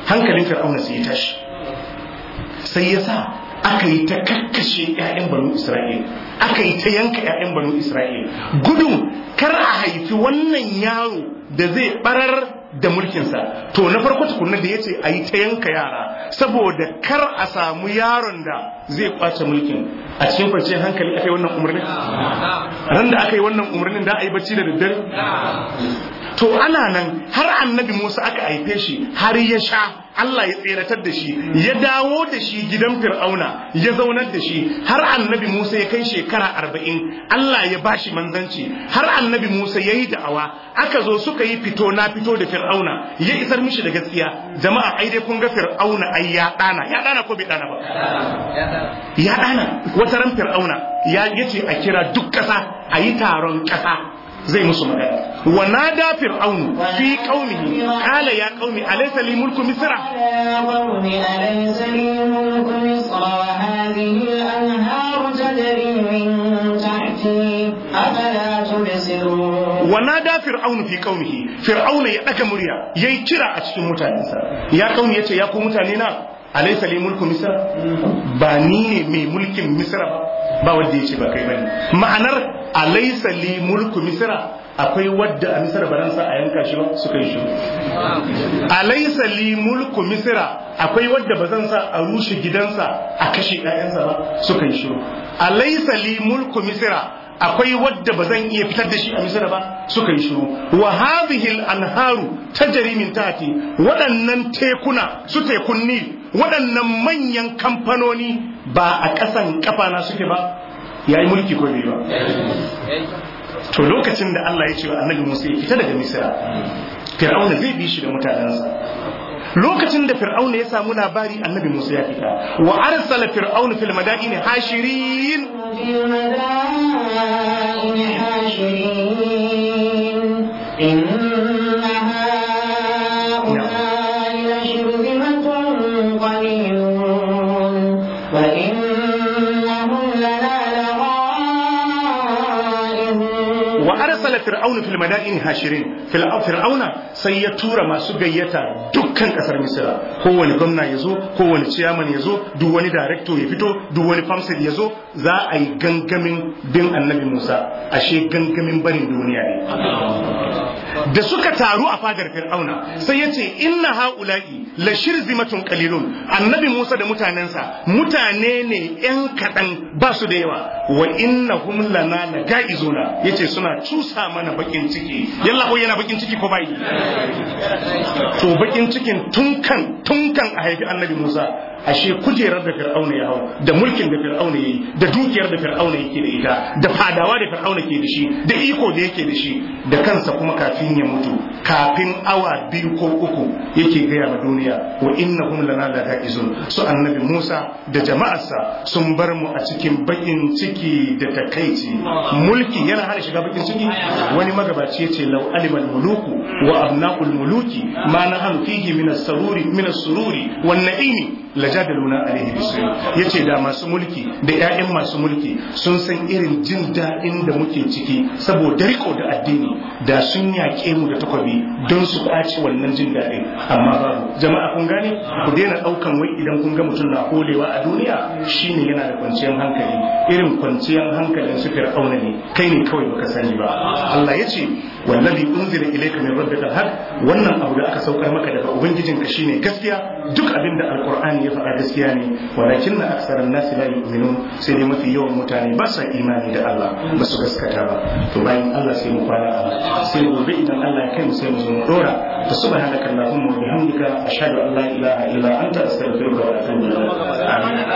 [SPEAKER 1] hankalin fir'auna sai ya tashi sai ya sa aka yi ta kakkashe 'ya'yan banu isra'il aka yi ta yanka 'ya'yan banu isra'il gudun kar a haifi wannan yaro da zai barar da mulkinsa to na farko tukunna da yace ce a yi ta yanka yara saboda kar a samu yaron da zai kwace mulkin
[SPEAKER 3] a cikin farcen hankali aka yi wannan umarnin ran da aka
[SPEAKER 1] yi wannan umarnin da a yi bacci da daddare to ana nan har annabi Musa aka haife shi har ya sha Allah ya tseratar da shi ya dawo da shi gidan fir'auna ya zaunar da shi har annabi Musa ya kai shekara arba'in Allah ya bashi manzanci har annabi Musa ya yi da'awa aka zo suka yi fito na fito da fir'auna ya isar mishi da gaskiya jama'a ai dai kun ga fir'auna ai ya dana ya dana ko bai dana ba ya dana wata ran fir'auna ya yace a kira duk ƙasa a yi taron ƙasa. zai musu magana wa nada fir'aunu fi
[SPEAKER 2] qaumihi qala ya qaumi alaysa li mulku misra alaysa li mulku misra hadhihi al-anharu tajri min tahti afala tubsirun
[SPEAKER 1] wa nada fir'aunu fi qaumihi fir'auna ya daga murya yayi kira a cikin mutanensa ya qaumi yace ya ku mutane na Alaisa li mulku Misira? ba ni ne mai mulkin Misira? ba wanda ya ce ba kai bane ma'anar alaisa li mulku Misira akwai wadda a Misira ba sa a yanka shi ba Su kai shi alaisa li mulku Misira akwai wadda ba zan sa a rushe gidansa a kashe ɗayansa ba Su kai shi alaisa li mulku Misira akwai wadda ba zan iya fitar da shi a misira ba Su kai shiru wa hadhihi al-anharu tajri min tahti waɗannan tekuna su tekun nil waɗannan manyan kamfanoni ba a ƙasan na suke ba ya yi mulki ko bai ba to lokacin da Allah ya ce wa annabi Musa ya fita daga Misira Fir'auna zai bi shi da mutanensa lokacin da Fir'auna ya samu labari annabi Musa ya fita wa arsala Fir'auna fil madaini hashirin
[SPEAKER 2] in fir'aunu
[SPEAKER 1] fil madain hashirin fil fir'auna sai ya tura masu gayyata dukkan kasar misira kowane gwamna ya zo kowane ciyaman ya zo duk wani director ya fito duk wani famsid ya zo za a yi gangamin bin annabi musa ashe gangamin barin duniya
[SPEAKER 3] ne
[SPEAKER 1] da suka taru a fadar fir'auna sai ya ce inna ha'ula'i la shirzimatun qalilun annabi Musa da mutanensa mutane ne yan kaɗan ba su da yawa wa innahum lana lagaizuna yace suna cusa mana bakin ciki yalla ko yana bakin ciki ko bai to bakin cikin tunkan tunkan a haifi annabi Musa ashe kujerar da fir'auna ya hau da mulkin da fir'auna yayi da dukiyar da fir'auna yake da ita da fadawa da fir'auna ke da shi da iko da yake da shi da kansa kuma kafin ya mutu kafin awa biyu ko uku yake gaya ma duniya wa innahum lana lagaizun su annabi Musa da jama'arsa sun bar mu a cikin bakin ciki da takaici mulki yana hana shiga bakin ciki wani magabaci yace law alimal muluku wa abna'ul muluki ma nahanu fihi min as-sururi min as-sururi wan na'imi jadaluna alaihi bisu yace da masu mulki da ƴaƴan masu mulki sun san irin jin daɗin da muke ciki saboda riko da addini da sun yaƙe mu da takobi don su kwace wannan jin daɗin amma babu jama'a kun gane ku daina ɗaukan wai idan kun ga mutum na kolewa a duniya shine yana da kwanciyar hankali irin kwanciyar hankalin su fir'auna ne kai ne kawai baka sani ba Allah yace wallahi unzila ilayka min rabbikal haq wannan abu da aka saukar maka daga ubangijinka shine gaskiya duk abinda da alqur'ani ya faɗa faɗa gaskiya ne walakin na aksarar nasi la sai dai mafi yawan mutane ba sa imani da Allah ba su gaskata ba to bayan Allah sai mu kwana a
[SPEAKER 3] sai gobe idan Allah ya kai mu sai mu zo mu dora da subhanaka allahumma wa bihamdika ashhadu an la ilaha illa anta astaghfiruka wa atubu ilaik